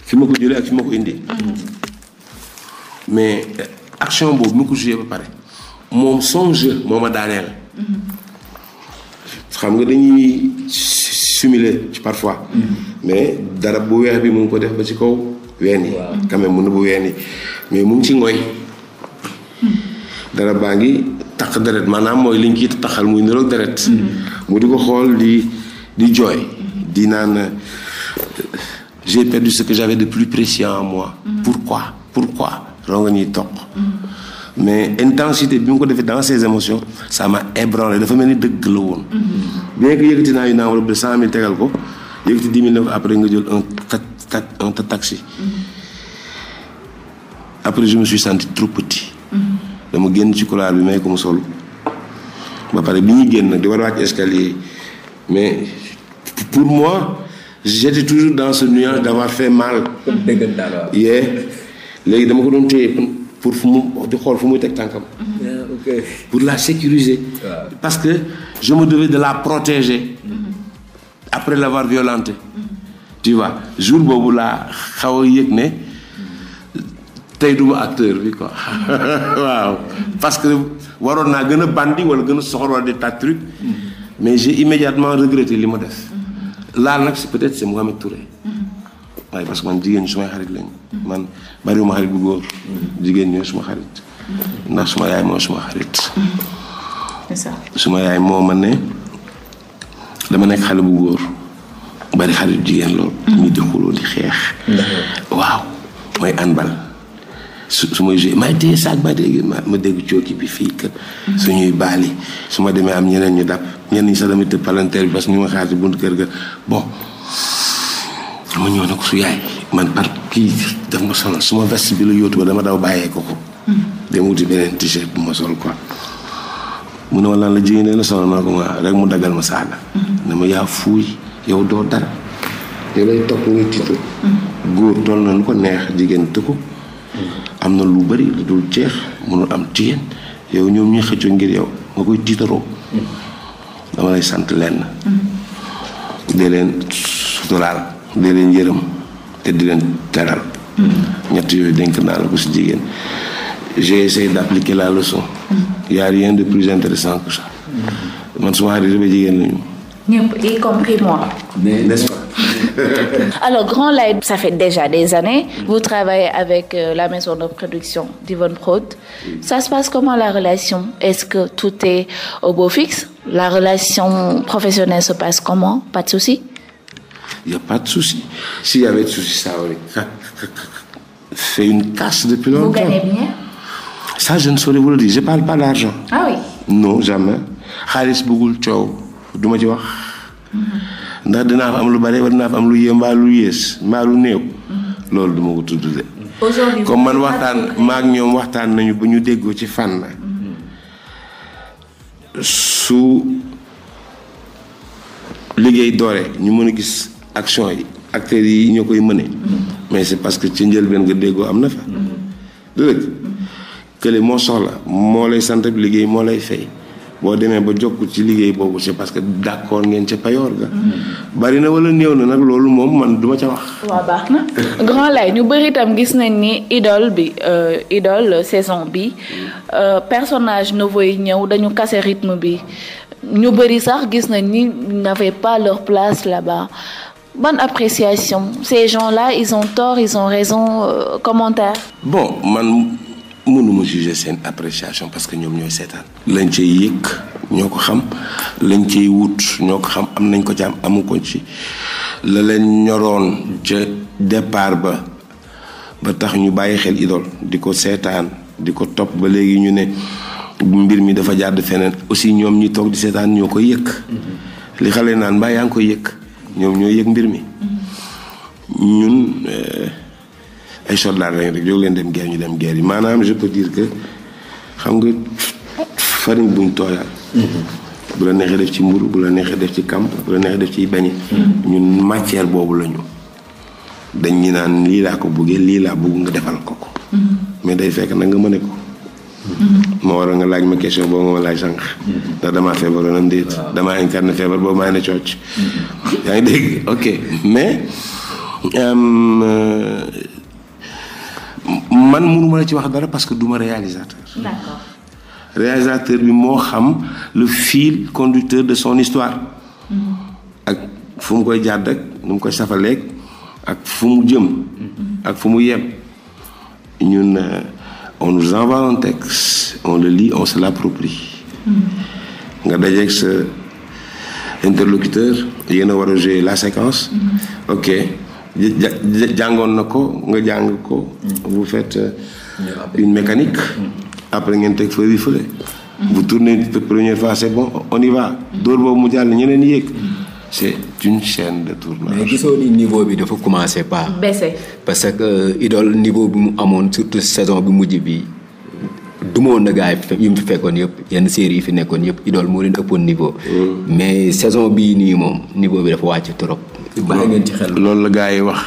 fi ma ko jëlee ak fi ma ko indi mhm. mais eh, action boobu mu ko joué ba pare moom son jeu moo ma daaneel mhm. xam nga dañuy simuler ci parfois mais dara bu weex bi mu ngi ko def ba ci kaw ween yi quand même mu bu ween yi mais mu ngi ci ngoy dara baa ngi taq deret maanaam mooy liñ ciy taxal muy niroog deret mm-hmm. mu di ko xool di di jooy mm-hmm. di naan j'ai perdu ce de plus précieux en moi mm-hmm. pourquoi pourquoi loo nga ñuy toq mais intensité bi mu ko defee dans ses émotions ça m'a ébranlé dafa mel ni dëgg la woon bien que yëkkati naa yu naa wala sent mille tegal ko yëkkati dix mille après nga jël un quatre quatre un taxi. après je me suis senti trop petit. dama génn ci couloir bi may ko mu sol. ba pare bi ñuy génn nag di war a escalier mais pour moi j'étais toujours dans ce nuage d'avoir fait mal. yee léegi dama ko doon téye pour fu mu di xool fu muy teg tànkam. pour la sécuriser. parce que je me devais de la protéger. après la violenté tu vois jour boobu laa xaw a yëg ne tey duma acteur bi quoi waaw parce que waroon naa gën a bandi wala gën a soxor wala des tas de trucs mais j'ai immédiatement regretté li ma def laal nag c'est peut-être c'est Mohamed Touré waaye parce que man jigéen ñi sumay xarit lañu man bariwuma xarit bu góor jigéen ñooy suma xarit ndax suma yaay moo suma xarit suma yaay moo ma ne dama nekk xale bu góor bari xarit jigéen lool. Mm. ñu di xuloo di xeex. waaw mooy handball su su ma joué may téye saag ba dégg ma ma dégg cooki bi fii kër. Mm-hmm. suñuy baali su ma demee am ñeneen ñu dab ñenn ñi sax damay tëb palanteer bi parce que ñu ma xaar ci buntu kër ga bon. dama ñëw ne ko su yaay man par kii daf ma solo su ma veste bi la yóotu ba dama daw bàyyee ko ko. Mm-hmm. dem wuti beneen t bu ma sol quoi. mu ne ma lan la jigéen leen sonal ma ne ko ma rek mu daggal ma saaga ne ma yaa fuuy yow doo dara yow lay topp ngay tiitu góor toll na nu ko neex jigéen tëkku am na lu bari lu dul jeex mënul am ci yéen ñoom ñu xëccoo ngir yow nga koy tiitaroo dama lay sant lenn dee leen suturaal dee leen yërëm te di leen teral ñett yooyu denk naa la ko si jigéen j'ai essayé d'appliquer la leçon. il y a rien de plus intéressant que ça. man suma xarit ba jigéen alors Grand Light ça déjà des années. vous travaillez avec euh, la maison de production d'Yvonne Prod. ça se passe comment la relation est-ce que tout est la relation professionnelle se passe pas de souci. y a pas de souci s'il y avait de souci ça aurait fait une casse depuis longtemps. vous gagnez bien. ça je ne saurais vous le je parle pas d'argent. ah jamais xaalis bëggul coow duma ci wax. ndax dinaa fa am lu bare wala dinaa fa am lu yéem mbaa lu yées mbaa lu néew. loolu du ko tudd de. comme man waxtaan maak ñoom waxtaan nañu bu ñu déggoo ci fànn. su liggéey doore ñu mën a gis action yi acteurs yi ñoo koy mëne mm-hmm. mais c'est parce que ci njëlbeen nga déggoo am na fa. Mm-hmm. dëgg kële moo soxla moo lay sant liggéey moo lay fay boo demee ba jokk ci liggéey boobu c'est parce que d'accord ngeen ca payoor ga mm-hmm. bari na wala néew na nag loolu moom man duma ca wax. waaw baax na Grand Laye ñu bëri tam gis nañ ni idol bi euh, idole saison bi euh, personnage nouveau yi ñëw dañu kase rythme bi ñu bëri sax gis nañ ni n'avaient pas leur place là-bas bonne appréciation ces gens-là ils ont tort ils ont raison euh, commentaire. bon mënuma juger seen appréciation parce que ñoom ñooy seetaan lañ cay yëkk ñoo ko xam lañ cay wut ñoo ko xam am nañ ko ci am amu ko ci la leen ñoroon ca départ ba ba tax ñu bàyyi xel idole di ko seetaan di ko topp ba léegi ñu ne mbir mi dafa jàdd feneen aussi ñoom ñi toog di seetaan ñoo koy yëkk mhm. li xale naan mbaa yaa ngi koy yëkk ñoom ñooy yëg mbir mi mhm. ñun euh, ay soldat lañ rek jóg leen dem guerre ñu dem guerre yi maanaam je peux dire que xam nga farine buñ tooyal. Mm-hmm. bu la neexee def ci mburu bu la neexee def ci kamp bu la neexee def ci beñe mm-hmm. ñun matière boobu lañu dañ ñu naan lii laa ko buggee lii laa bugg nga defal ko ko mm-hmm. mais day fekk nag nga mën a ko moo waral nga laaj ma question boobu nga ma laaj sànq ndax damaa feebaroon am déet damaa incarné feebar boobu maa ngi ne cooc yaa ngi dégg ok mais euh, man mënuma la ci wax dara parce que duma réalisateur. d'accord. réalisateur bi moo xam le fil conducteur de son histoire. Mm-hmm. ak fu mu koy jàdd ak nu mu koy safaleeg ak fu mu jëm. Mm-hmm. ak fu mu yem. ñun euh, on nous envoie un texte on le lit on se l'approprie. Mm-hmm. nga dajeeg sa interlocuteur yéen a war a jouer la séquence. ok. jàngoon na ko nga jàng ko. Mm. vous faites euh, une mécanique. Mm. après ngeen teg fële fu mm. vous tournez de première fois c'est bon on va. dóor boobu mu jàll ñeneen yéeg. c'est une chaîne de tournage. mais gisoo ni niveau bi dafa commencé par. parce que euh, idole niveau bi mu amoon surtout saison bi mujj bi dumoon na gars yi mu fekkoon yëpp yenn série yi fi nekkoon yëpp idole moo leen ëppoon niveau. mais saison bi nii moom niveau bi dafa wàcc trop. bàyyi ngeen ci xel loolu la gaa yi wax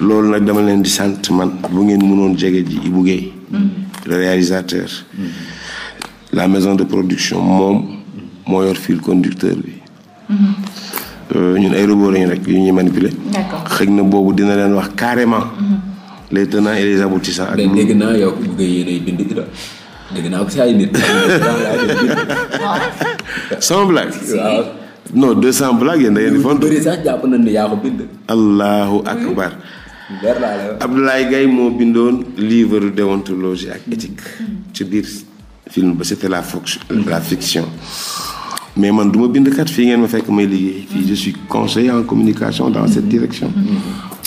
loolu nag dama leen di sant man bu ngeen mënoon jege ji Ibou Guèye le réalisateur la maison de production moom moo yor fil conducteur bi euh, ñun ay robot lañu rek yu ñuy manipuler xëy na boobu dina leen wax carrément mhm. les tenants et les aboutissants ak dégg naa yow Ibou Guèye yéenay bind ko si ay nit sama blague no de blagues yéen da ngeen di font. bëri sax jàpp nañ ne yaa ko bind. allahu akbar. Abdoulaye Gaye moo bindoon livre déontologie ak éthique. Mm. ci biir film ba c'était la la fiction. mais man du ma bind kat fii ngeen ma fekk may liggéey. fii mm. je suis conseiller en communication dans cette mm. direction.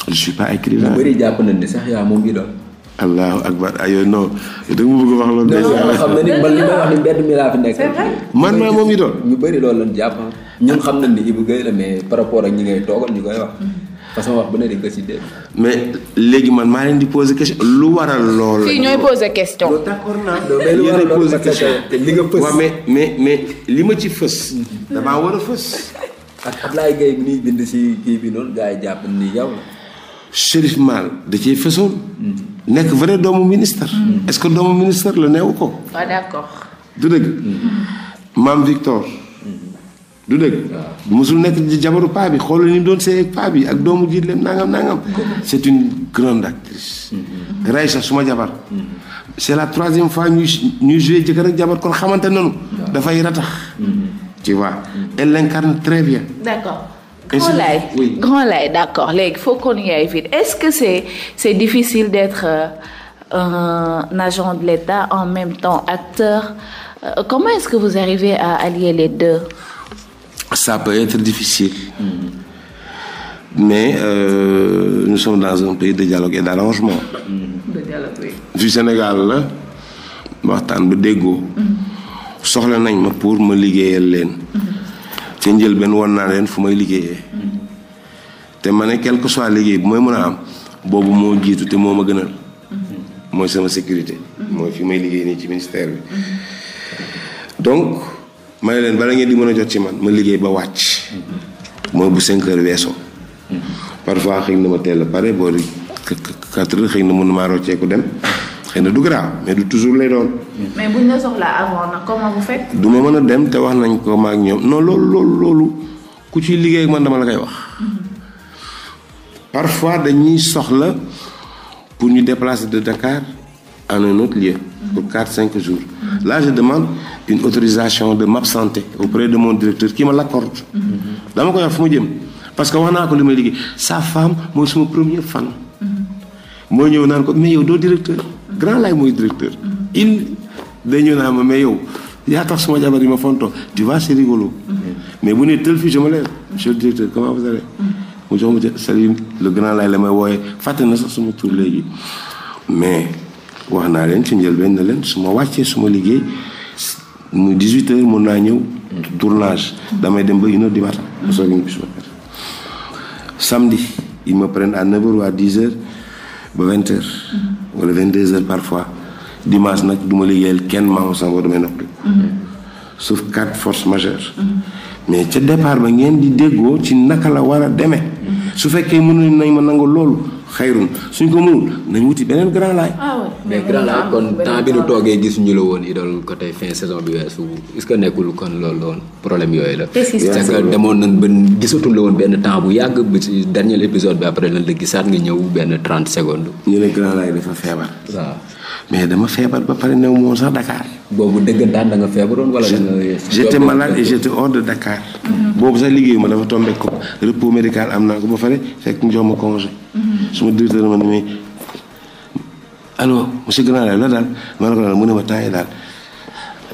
je suis pas écrivain. bu bëri jàpp nañ ne sax yaa moom ngi doon. allahu akbar ayoo non da nga bëgg wax loolu. dèjà man li ma wax ni mbedd mi laa fi nekk. man maa moom ngi doon. ñu bëri loolu lañ jàpp. ñun xam nañ ni Ibou Guèye la mais par rapport ak ñi ngay toogal ñu koy wax. façon mm-hmm. wax bu ne di ko ci dégg. mais léegi man maa leen di poser question lu waral loolu. fii ñooy poser question. d' accord naa yéen a poser te li nga fës. waaw mais mais ma ci fës. Mm-hmm. damaa war a fës. ak Ablaye Guèye bi si kii bi noonu gars yi jàpp ni yow la. Chérif Mal da cee fësoon. Mm-hmm. nekk vrai doomu ministre. est-ce que doomu ministre la neewu ko. waaw d' accord. du dëgg. maam Victor. du dëgg musul nekk jabaru paa bi xoolal ni mu doon seey ak doomu jiit leen nangam nangam c'est une grande actrice mm-hmm. Raïcha suma jabar mm-hmm. c'est la troisième fois ñuy ñuy joué jëkkër jabar kon xamante nanu dafay ratax ci mm-hmm. vois elle l'incarne très bien d'accord grand lay oui. grand lay d'accord léegi faut qu'on y aille est-ce que c'est c'est difficile d'être euh, un agent de l'État en même temps acteur euh, comment est-ce que vous arrivez à allier les deux ça peut être difficile. Mais euh, nous sommes dans un pays de dialogue et d'arrangement. de Sénégal la waxtaan bu déggoo. soxla nañ ma pour ma liggéeyal leen. te njël benn woon naa leen fu may liggéeyee. te ma ne quel que soit liggéey bu may mën a am boobu moo jiitu te moo ma gënal. mooy sama sécurité. mooy fi may liggéey nii ci ministère bi donc. ma leen bala ngeen di mën a jot ci man ma liggéey ba wàcc. mooy bu 5 heures weesoo. parfois xëy na ma teel a pare boori 4 heures xëy na mën maa rocceeku dem. xëy na du grave mais du toujours lay doon. mais bu fekk. du ma mën a dem te wax nañ ko ma ak ñoom non loolu loolu loolu ku ciy liggéey ak man dama la koy wax. Mm-hmm. parfois dañuy soxla pour ñu déplacer de Dakar. en un autre lieu mhm. pour 4-5 jours. Là, je demande une autorisation de m'absenter auprès de mon directeur qui me l'accorde. Mhm. dama ko wax fu mu jëm parce que wax naa ko li may liggéey sa femme mooy suma premier fan. Mhm. mooy ñëw naan ko mais yow doo directeur grand laay mooy directeur. il day ñëw naa ma mais yow yaa tax suma jabar yi ma fonto tu vois c'est rigolo. mais bu ne tel ma je me lève monsieur le directeur comment vous allez. mu jox ma ca Salim le grand laay la may wooyee fàtte na sax suma léegi mais. wax naa leen ci njëlbeen na leen su ma wàccee suma ma liggéey mu 18 heures mun naa ñëw tournage damay dem ba une heure du matin soo ñu bis ma samedi ils me prennent à 9 heures ou à mm-hmm. dimanche nag du ma liggéeyal kenn maamu sama damay noppi mm-hmm. sauf quatre forces majeures mm-hmm. mais ca départ ba ngeen di déggoo ci naka la war a demee su fekkee mënu nañ ma nangu loolu xayrun suñ ko mënul nañ wuti beneen grand laay. Ah mais grand laay kon temps bi nu toogee gis ñu la woon idol côté fin saison bi weesu est-ce que nekkul kon loolu la woon problème yooyu la. te si demoon nañ ba gisatul la woon benn temps bu yàgg bi ci dernier épisode bi après lan la gisaat nga ñëw benn trente secondes. ñu ne grand laay dafa feebar. waaw mais dama feebar ba pare new moom sax Dakar. boobu dëggantaan da nga feebaroon wala. da nga j'étais malade de Dakar. Mhm. boobu sax liggéeyu ma dafa tombé ko repos médical am naa ko ba pare fekk njooma congé. su ma directeur ma ne mais allo monsieur Grand la daal ma ne ko daal mu ne ma temps yi daal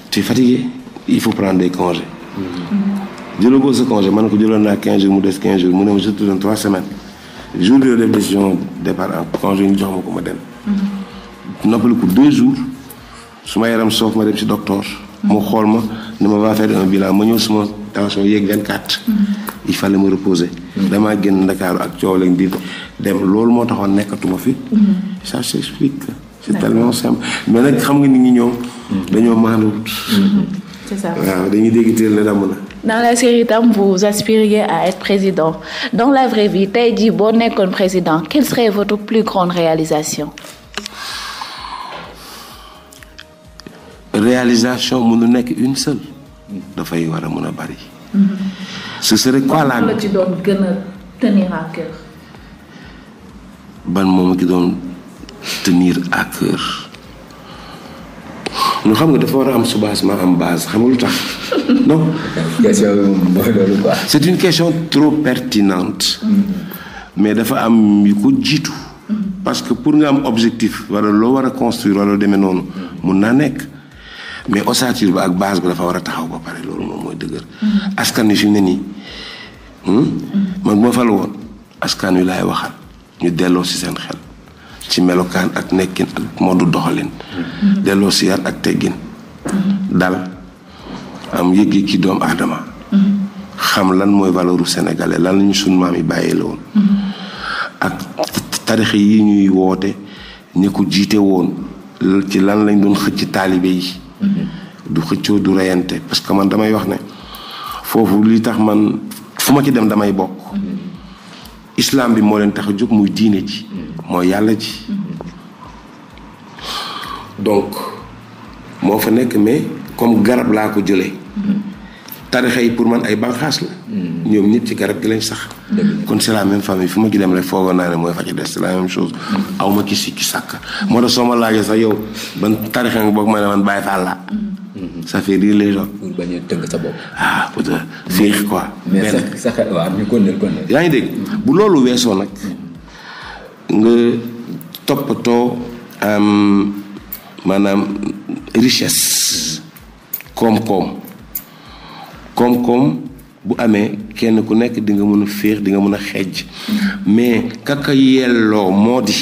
tu es fatigué il faut prendre des congés. Mm-hmm. jëloo ko sa congé ma ne ko jëloon naa 15 jours mu des 15 jours mu ne ma je te donne 3 ma ko ma mm-hmm. jours su ma yaram soof ma dem si docteur. Mm-hmm. mu xool ma na ma va faire un bilan ma ñëw suma tension yéeg 24. il fallait me reposer. damaa génn ndakaaru ak coow lañ di dem loolu moo taxoon nekkatuma fi. ça s'explique. xam nga nit ñi ñoom. Mm-hmm. dañoo maanduwut. Mm-hmm. c'est ça waaw dañuy dégg teel na damm na. dans la série tam vous aspiriez à être président dans la vraie vie tey jii boo nekkoon président quelle serait votre plus grande réalisation. réalisation mënu nekk une seule. dafay war a mën a bari. Mm-hmm. ce serait quoi la ban moom ki doon tenir à cœur. ñu xam nga dafa war a am soubassement am base xam nga lu tax non. question mooy loolu c'est une question trop pertinente. Mm-hmm. mais dafa am yu ko jiitu. Mm-hmm. parce que pour nga am objectif wala loo war a construire wala demee noonu mun naa nekk. mais ossature ba ak base ba dafa war a taxaw ba pare loolu moom mooy dëgër. Mm-hmm. askan wi fi mu ne nii. Hmm? Mm-hmm. man bu ma fal woon askan wi laay waxal ñu delloo si seen xel ci melokaan ak nekkin ak modu doxalin. Mm-hmm. delloo si yar ak teggin. dal am yëg-yëg ci doomu aadama. xam lan mooy valeuru sénégalais lan la ñu sunu maam yi bàyyee la woon. ak tarix yi ñuy woote ñi ko jiite woon ci lan lañ doon xëcc taalibe yi. du xëccoo du reyante parce que man damay wax ne foofu li tax man fu ma ci dem damay bokk islaam bi moo leen tax a jóg muy diine ci mooy yàlla ci donc moo fa nekk mais comme garab laa ko jëlee tarixa yi pour man ay banqaas la. Hmm. ñoom ñëpp ci garab gi lañ sax. kon c'est la même famille fu ma ci dem rek foogoon naa ne mooy fa ci des c'est la même chose. Hmm. aw ma ki si ki sàkk. moo tax soo ma laajee sax yow ban tarixa nga bokk ma ne man Baye Fall la. Hmm. ça fait rire les gens. bañ a tënk sa bopp. Ah, yaa ngi dégg bu loolu weesoo nag nga toppatoo euh, richesse koom-koom. koom-koom bu amee kenn ku nekk di nga mën a féex di nga mën a xejj mais kaka yelloo moo di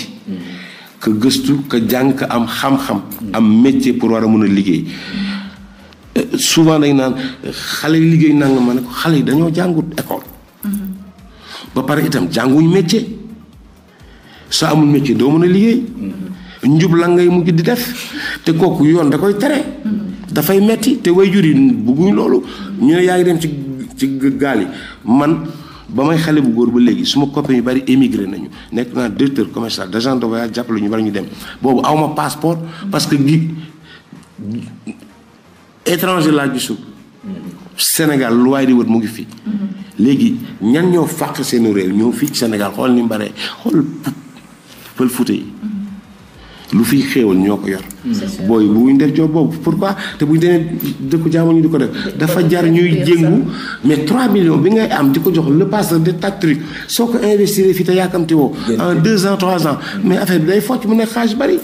ka gëstu ka jàng ka am xam-xam am métier pour war a mun a liggéey souvent dañ naan xale liggéey nanga ma ko xale yi dañoo jàngut école ba pare itam jànguñ métier sa amul métier doo mën a liggéey njub la ngay mujj di def te kooku yoon da koy tere dafay metti te way jur yi loolu ñu ne yaa ngi dem ci ci gaal yi man ba may xale bu góor ba léegi suma ma copain yu bari émigré nañu nekk naa directeur commercial d'agent de voyage jàppale ñu bari ñu dem boobu awma passeport parce que gi étranger laa gisul Sénégal lu waay di wër mu ngi fii léegi ñan ñoo fàq seenu réew ñoo fii ci Sénégal xool ni mu baree xool pël fute yi lu fiy xéewal ñoo ko yor. booy bu ñu def job boobu pour pourquoi te buñ demee dëkku jaamu ñu di ko def. dafa jar ñuy jéngu mais 3 millions bi ngay am di ko jox le passeur de tactique soo ko investir fii te yàkkamti woo. en 2 ans 3 ans mais affaire bi day focc mu nekk xaalis bari.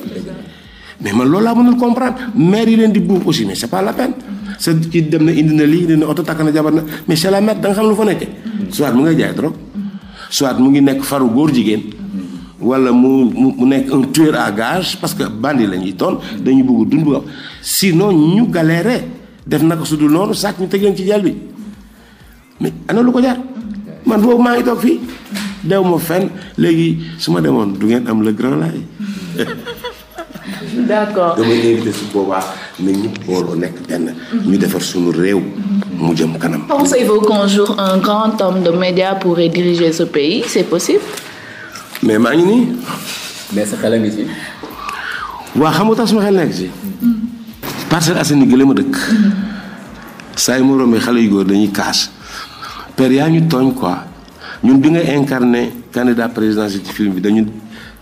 mais ma loolu laa mënul comprendre maire yi leen di buub aussi mais c' est pas la peine. sa ci dem na indi na lii indi na oto takk na jabar na mais c' est la nga xam lu fa nekkee. soit mu ngay jaay drogue. soit mu ngi nekk faru góor jigéen. wala mu mu nekk un tueur à gage parce que bandi la ñuy doon dañu bugg dund bu am sinon ñu galéré def nag su dul noonu sàcc ñu teg leen ci jàll bi mais ana lu ko jar man boobu maa ngi toog fii dew ma fenn léegi su ma demoon du ngeen am le grand laay. d' accord damay invité ñu defar suñu réew. mu jëm kanam. pensez-vous qu'un jour un grand homme de médias pourrait diriger ce pays c'est possible. mais maa ngi nii. mais sa waa xam nga tax suma xel nekk ci. Parcelles Assainies gële ma dëkk. saa yi mu rombee xale yu góor dañuy kaas. per yaa ñu tooñ quoi ñun bi nga incarné candidat présidentiel ci film bi dañu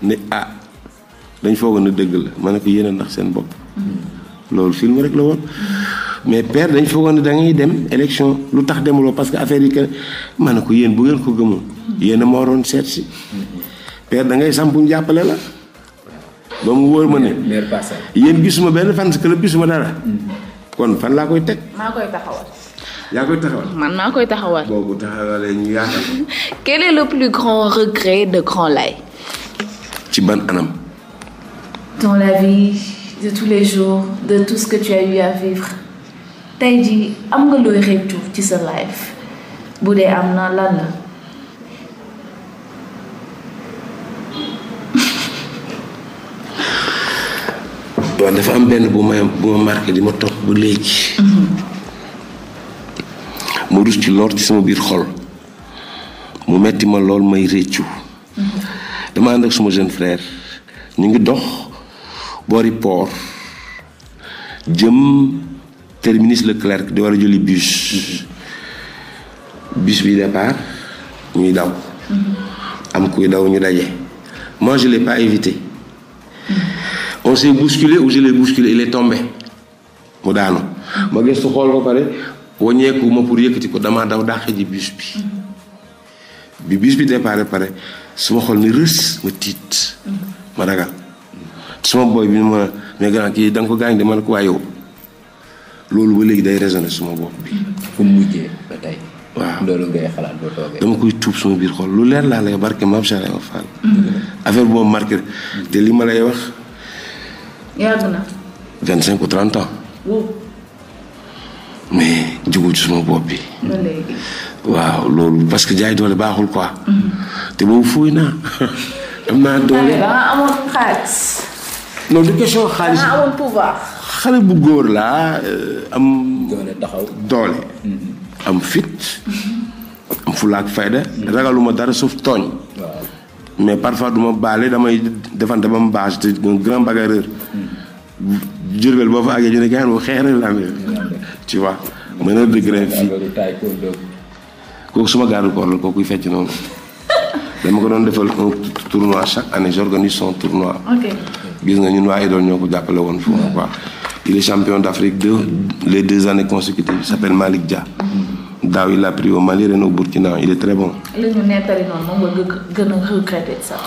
ne ah dañ foogoon dëgg la ma ne ko yéen ndax seen bopp. loolu film rek la woon. mais per dañ foogoon ne da ngay dem élection lu tax demuloo parce que affaire yi que ma ne ko yéen bu ngeen ko gëmoon. yéen moo waroon seet si. père da ngay samp ñu jàppale la ba mu wóor ma ne. yéen gisuma benn fans club gisuma dara. Mm-hmm. kon fan laa koy teg. maa koy taxawal. yaa man maa koy taxawal. boobu taxawalee ñu yaakaar. quel est le plus grand regret de Grand Laye. ci ban anam. dans la vie de tous les jours de tout ce que tu as eu à vivre tey jii am nga looy réccu ci sa life bu dee am na lan dafa am benn bu ma bu ma di ma topp ba léegi. ma mm-hmm. rus ci lool ci sama biir xol mu metti ma lool may réccu. Mm-hmm. dama ànd ak suma jeune frère ñu ngi dox boori port jëm terminus Leclerc di war a jëli bus. Mm-hmm. bus bi départ ñuy daw. am kuy daw ñu daje. moi je l'ai pas évité. on s'est bousculé ou je l'ai bousculé il est tombé mu daanu ma gëstu xool ko pare waññeeku ma pour yëkkati ko damaa daw dàq ji bus bi bi bus bi pare su xool ni rës ma tiit ma ragal suma booy bi ma mais grand kii da ma ne ko waa loolu ba léegi day résonné suma bopp bi. fu mu dama koy tuub suma biir xool lu leer laa lay barke maam Cheikh Fall. Mm-hmm. affaire boobu marqué te li ma lay wax. yàgg na. vingt cinq ou trente ans. Wow. mais jugul ci suma bopp bi. waaw loolu parce que jaay doole baaxul ko te boobu fu naa. am naa doole amoon xaalis. non du question xaalis. amoon bu góor laa am. doole taxaw doole. am fit. am fulaak fayda. ragaluma dara suuf tooñ. mais parfois du ma baale damay defante ba mu baax te un grand bagarreur Jurbel boo fa àggee ñu ne gars la tu vois. mën na dëgg fii kooku suma garde corps la kooku fecc noonu dama ko doon defal un tournoi chaque année j'organise son tournoi. gis nga ñun waa Idole ñoo ko jàppale woon. foofu quoi il est champion d'Afrique deux les deux années consécutives il s'appelle Malick Dia. daaw il a pris au Mali ren au Burkina il est très bon. li ñu nettali noonu moom nga gën a regretter sax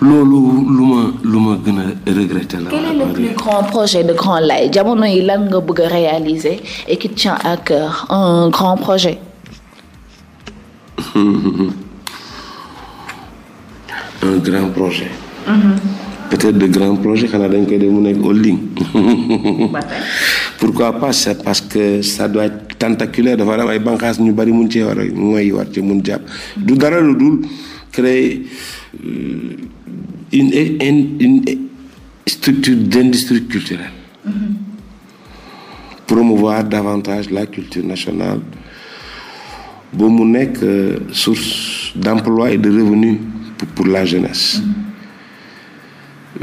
loolu lu ma lu ma gën a regretter la. quel est le plus grand projet de Grand Laye jamono yi lan nga bëgg a réaliser et qui tient à cœur un grand projet. un grand projet. Mm-hmm. peut-être de grands projets xanaa dañ koy def mu nekk holding. pourquoi pas ça parce que ça doit être tentaculaire dafa war am ay banqaas ñu bari mun cee war a mooy war ci mun jàpp du dara lu dul créer euh, une une structure d'industrie culturelle mm-hmm. promouvoir davantage la culture nationale ba mu nekk euh, source d'emploi et de revenus pour, pour la jeunesse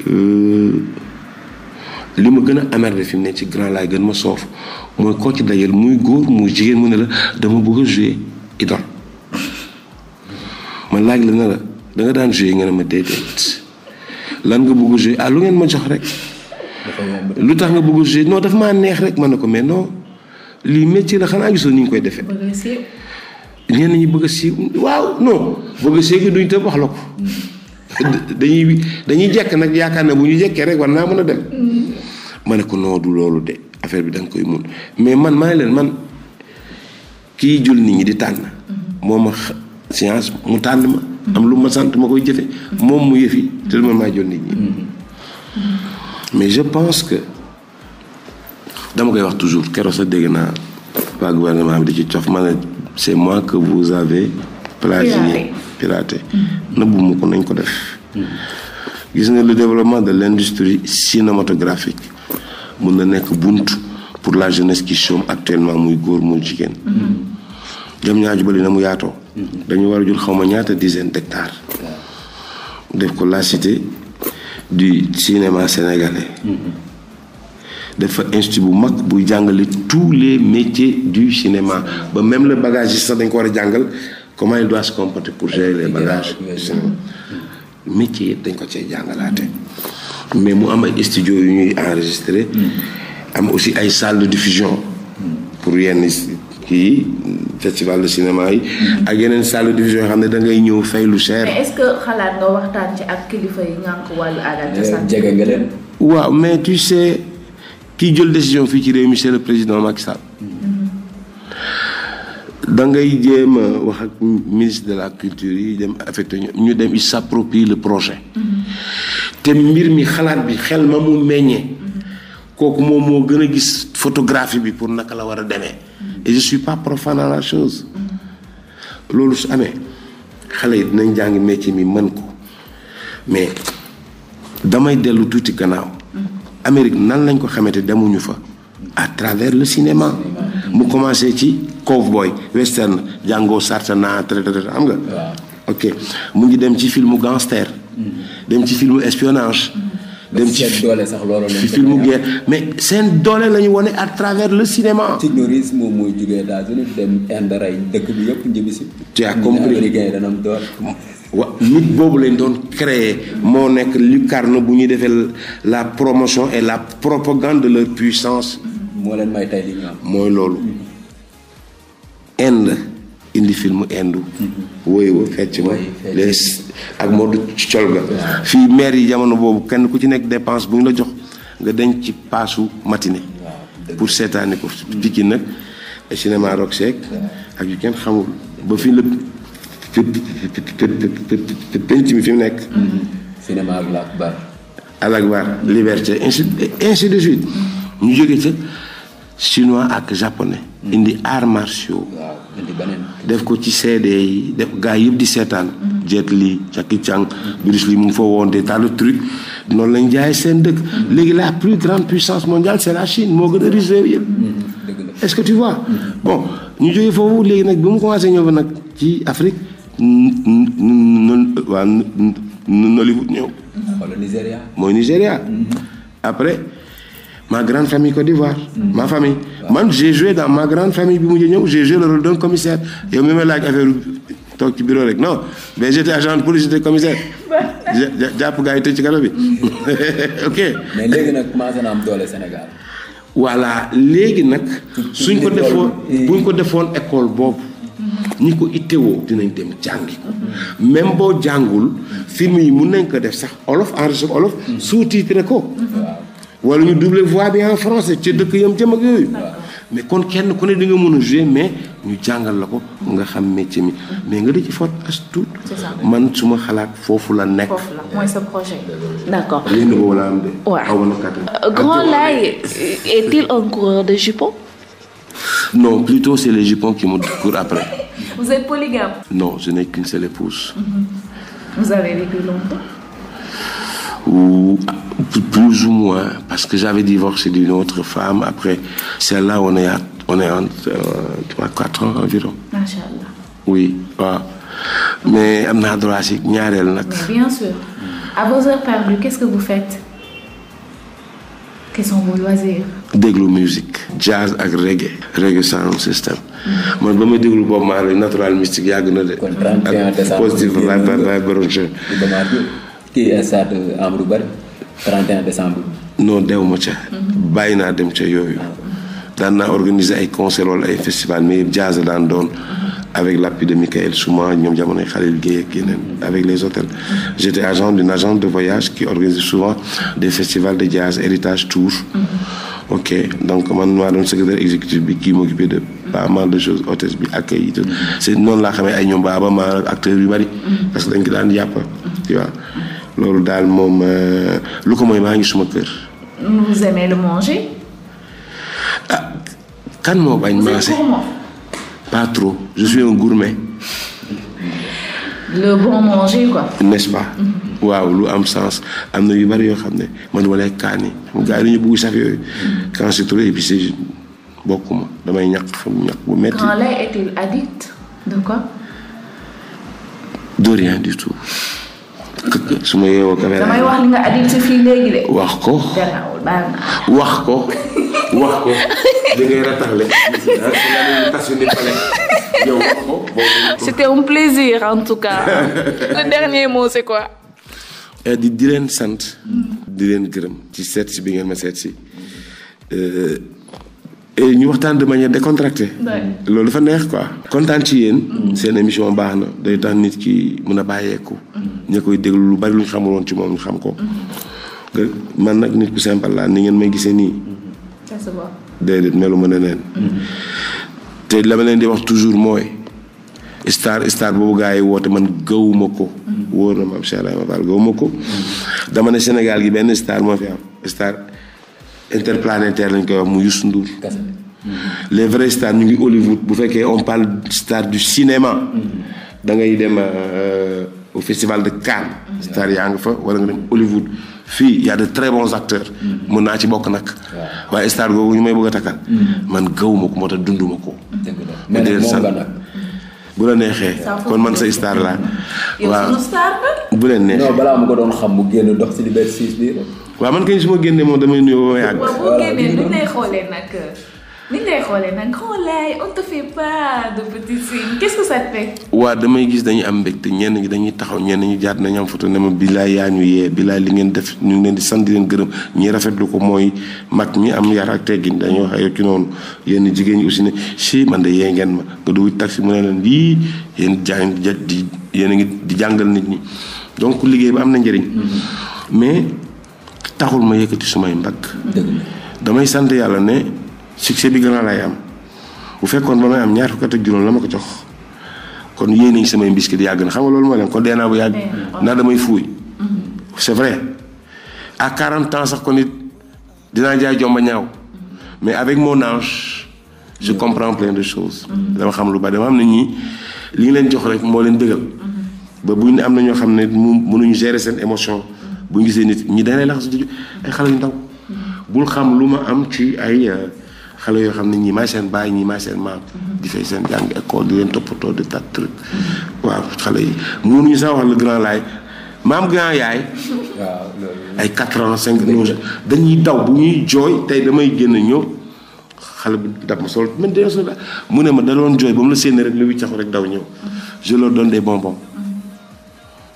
mm-hmm. euh, li ma gën a amer fi mu ne ci grand laa gën ma soof mooy koo ci dajal muy góor muy jigéen mu ne la dama bëgg a jouer idole laaj la na la da nga daan jouer nga ne ma déedéet lan nga bëgg a jouer ah lu ngeen ma jox rek. lu tax nga bëgg a jouer non daf maa neex rek ma ne ko mais non lii métier la xanaa gisoo ni ñu koy defee. ngeen ñi bëgg a siiw waaw no bëgg a siiw gi duñ te wax la ko. dañuy dañuy jekk nag yaakaar ne bu ñu jekkee rek war naa mën a dem. Mm-hmm. ma ne ko noo loolu de. affaire bi da nga koy mun mais man maa ngi leen man kii jul nit ñi di tànn. moo ma science mu tànn ma. am lu ma sant ma koy jëfe moom mu yëfi te man maa jël nit ñi. mais je pense que dama koy wax toujours keroog sax dégg naa waa gouvernement bi di ci cof ma que vous mm. ko nañ ko def. Mm. gis nga le développement de l'industrie cinématographique. mën na nekk bunt pour la jeunesse qui chôme actuellement muy góor mu jigéen jam ñaaju bëri na mu yaatoo dañu war a jël xawma ñaata dizaine d'hectares def ko la cité du cinéma sénégalais fa institut bu mag buy jàngale tous les métiers du cinéma ba même le bagage yi sax dañ ko war a jàngal comment il doit se comporter pour gérer les bagages du cinéma métier yëpp dañ ko cee jàngalaate. mais mu am ay studio yu ñuy enregistré. Mm. am aussi ay salle de diffusion. Mm. pour yenn kii festival de cinéma yi. Mm. ak yeneen salle de diffusion yoo xam ne da ngay ñëw fay lu cher. est-ce que xalaat nga waxtaan ci ak kilifa yi ñànk wàllu aada cosaan. Eh, jege nga waaw mais tu sais kiy jël décision fii ci réew mi c'est le président Macky Sall. da ngay jéem a wax ak ministre de la culture yi dem affecté ñu dem il s'approprie le projet mm-hmm. te mbir mi xalaat bi xel ma mu meññee mm-hmm. kooku moom moo gën a gis photographie bi pour naka la war a demee mm-hmm. et je suis pas profane la chose loolu su amee xale yi dinañ jàng métier mi mën ko mais damay dellu tuuti gannaaw Amérique nan lañ ko xamante demuñu fa à travers le cinéma mu commencé ci Cowboy western Django Sartana am nga. ok mu ngi dem ci filmu gangster. Mm-hmm. dem ci filmu espionnage. Mm-hmm. dem ci doole sax loolu ci filmu guerre mais seen doole la ñu wane à travers le cinéma. terrorisme moom mooy jugee États-Unis dem Inde bi yëpp njëbi si. tu as compris dana wa nit boobu lañ doon créer moo nekk lucarne bu ñuy defee la promotion et la propagande de leur puissance. moo leen may tey mooy loolu. Mm-hmm. Inde indi film Inde. woy wa fecc ma les ak Modou col ga fii maire yi jamono boobu kenn ku ci nekk dépense bu ñu la jox nga denc ci paasu matinée pour seetaani ko hmm. piki nag cinéma Rock Seck ak yu kenn xamul ba fii la penc mi fi mu nekk hmm. cinéma Al Akbar Al Akbar liberté ainsi de suite ñu jóge ca chinois ak japonais. Hmm. indi arts martiaux. def ko ci CD yi gaa yëpp di seetaan. Hmm. Jet Li Jackie Chan. Hmm. Bruce Lee mu ngi fa woon des tas lañ jaay seen dëkk. léegi la plus grande puissance mondiale c' est moo gën a est ce que ñu jógee foofu léegi nag bi mu commencé ñëw nag ci Afrique. waa Nollywood ñëw. mooy Nigéria. après. ma grande famille Côte d'Ivoire. ma famille man j'ai joué ma grande famille bi mujj ñëw j'ai joué le rôle d'un commissaire yow mi ma laaj affaire ci bureau rek non mais j'étais agent de police j'étais commissaire. jàpp gars yi tëj ci kala bi ok. mais léegi nag voilà léegi nag. suñ ko defoon buñ ko defoon école boobu. ñi ko ittewoo dinañ dem jàngi ko même boo jàngul film yi mun nañ ko def sax olof enregistré olof sous-titré ko. wala ñu duble voix bi en français ca dëkk yam jëm ak mais kon kenn ku ne di nga mën a jouer mais ñu jàngal la ko nga xam métier mi mais nga di ci fot tout man su ma xalaat foofu la nekk. foofu accord yéen boobu am de. waaw euh, Grand Laye est-il un coureur de jupons. non plutôt c' est les jupons qui me après. vous êtes polygame. non je n'ai qu'une seule épouse. Mm-hmm. plus ou moins, parce que j'avais divorcé d'une autre femme. Après, celle-là, on est, à, on euh, ans environ. Machallah. Oui, Mais am naa droit si ñaareel nag. bien sûr. À vos heures perdues, qu'est-ce que vous faites? Quels sont vos loisirs? déglu musique. jazz ak reggae. reggae system. man ba may déglu boobu maa natural mystique yàgg de. kon 31 décembre ak kii stade Amadou Barry 31 décembre. non ca. bàyyi naa dem ca yooyu. daan naa organiser ay concert ay festival mais jazz daan doon. avec l'appui de Michael Souma ñoom jamonoy Khalil Gueye ak yeneen avec les hôtels j'étais agent d'une agence de voyage qui organise des festivals de jazz héritage tour ok donc man maa doon secrétaire exécutif bi kii m'occupait de pas mal de bi accueil yi tout c'est noonu laa xamee ay ñoom baaba maa acteurs yu bari parce que dañ ko daan yàpp tu loolu daal moom euh, lu ko mooy maa ngi suma kër. vous aimez le ah, pas trop je un gourmet. le bon manger quoi. nest pas. Mm-hmm. waaw lu am sens am na yu bari yoo xam ne man du ma lekk kaani gars yi ñu sax yooyu. Mm-hmm. quand c'est trop épicé bokkuma damay ñaq fa ñaq bu metti. quand rien du tout. su ma yeewoo caméra wax ko wax ko wax ko li ngay rataxle ko. c'était un plaisir en tout cas. le dernier mot c'est eh, di di leen sant. di leen gërëm ci seet bi ngeen ma seet si. et eh, eh, ñu waxtaan de manière décontractée. loolu dafa neex quoi. kontaan ci yéen. Mm. seen émission baax na day tax nit ki mën a bàyyeeku. ña koy déglu lu bari lu ñu woon ci moom ñu xam ko. Mm-hmm. man nag nit ku simple laa ni ngeen may gise nii. Mm-hmm. déedéet meluma ne neen mm-hmm. te la ma leen di wax toujours mooy. star star boobu gars yi woote man gawuma ko. wóor na maam Cheikh Ibrahima Fall Sénégal gi benn star moo fi am star interplanétaire lañ koy wax mu Youssou Ndour. les vrais stars ñu ngi Hollywood bu fekkee on parle star du cinéma. dangay ngay euh, au festival de Cannes. star yaa ngi fa wala nga dem Hollywood. fii y a de très acteurs. mën naa ci bokk nag. waaye star googu ñu may bëgg a takkal. Mm. man gawuma ko moo tax dunduma ko. bu la neexee kon man sa star laa. waaw bu leen neexee. non balaa doon xam mu génn dox ci man kay su ma génnee moom damay nuyoo ba ma yàgg. waaw génnee du lay xoolee nag. waa damay gis dañuy am mbégte ñenn ñi dañuy taxaw ñenn ñi jaat nañu am photo ne ma bilaay yaa ñu yee bilaay li ngeen def ñu ngi leen di sant di leen gërëm ñi rafetlu ko mooy mag ñi am yar ak teggin dañuy wax ak ci noonu yenn jigéen ñi aussi ne si man de yee ngeen ma nga dugg taxi mu ne leen yii yéen jàng di yéen di jàngal nit ñi donk liggéey ba am na njariñ mm-hmm. mais taxul ma yëkkati sumay mbagg. damay sant yàlla ne. succès bi grand am bu fekkoon ba may am ñaar fukk ak juróom la ma ko jox kon yéen nañ samay mbiskit yàgg na xam nga loolu mooy leen kon dee naa bu yàgg naa damay fuuy mm-hmm. c'est vrai à 40 ans sax ko nit dinaa jaay jomba ñaaw mm-hmm. mais avec mon je comprends de choses mm-hmm. dama xam lu bari dama xam li ngi leen jox rek moo leen dëggal ba bu ñu am na ñoo xam ne mu mënuñu gérer seen émotion bu ñu gisee nit ñi dañ lay laxas di ay xale yu ndaw bul xam lu ma am ci ay euh, xale yoo xam ne ñii maay seen baay ñii maay seen maam. di fay seen jàng école di leen toppatoo di tat truc. waaw xale yi mënuñu sax wax le grand laay maam grand yaay. ay quatre ans cinq ans dañuy daw bu ñuy jooy tey damay génn ñëw xale bi daf ma sol man de mu ne ma da doon jooy ba mu la séenee rek lu wiccaxu rek daw ñëw je doon donne des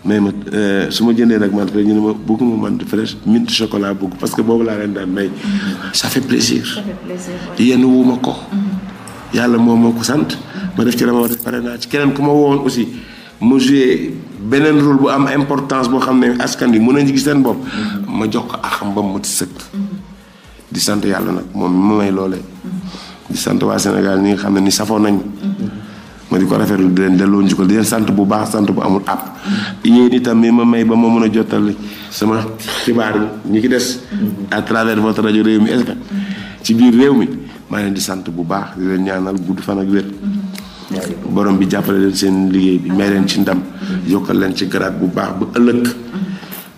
may ma euh, su ma jëndee nag ma ñu ne ma bëgguma mante fraîche mint chocolat bëgg parce que boobu laa leen daan may ça fait plaisir yenn wu ko mhm. yàlla moom moo ko sant ma def ci la ma def pare naa ci keneen ku ma woowoon aussi ma joué beneen rôle bu am importance boo xam ne askan wi mën nañu gis seen bopp mhm. ma jox ko axam ba mu sëkk mhm. di sant yàlla nag moom ma may loolee di sant waa Sénégal ñi nga xam ne ni safoo nañ ma di ko rafetlu di leen delloo njukkal di leen sant bu baax sant bu amul àpp yéen itam mi ma may ba ma mën a jottali sama xibaar yi ñu ki des à travers votre rajo réew mi FM ci biir réew mi maa leen di sant bu baax di leen ñaanal gudd fan ak wér borom bi jàppale leen seen liggéey bi may leen ci ndam yokkal leen ci garaat bu baax bu ëllëg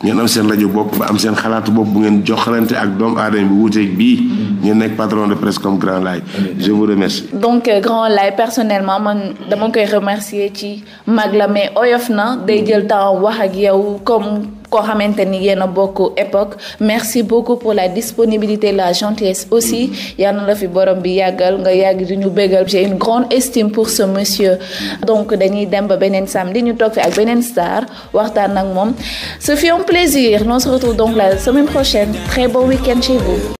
ngeen am seen rajo bopp ba am seen xalaatu bopp bu ngeen joxalante ak doomu aadama bi wuuteeg bii. ngeen nekk patron de presse comme Grand Laye. je vous remercie. donc euh, Grand Laye personnellement man dama koy remercier ci mag la mais oyof na day jël temps wax ak yow comme. koo xamante ni yéen a bokk époque merci beaucoup pour la disponibilité la gentillesse aussi yal la fi borom bi yàggal nga yàgg di ñu bégal j'ai une grande estime pour ce monsieur donc dañuy dem ba beneen samedi ñu toog fi ak beneen star waxtaan ak moom ce fut un plaisir on se retrouve donc la semaine prochaine très bon week chez vous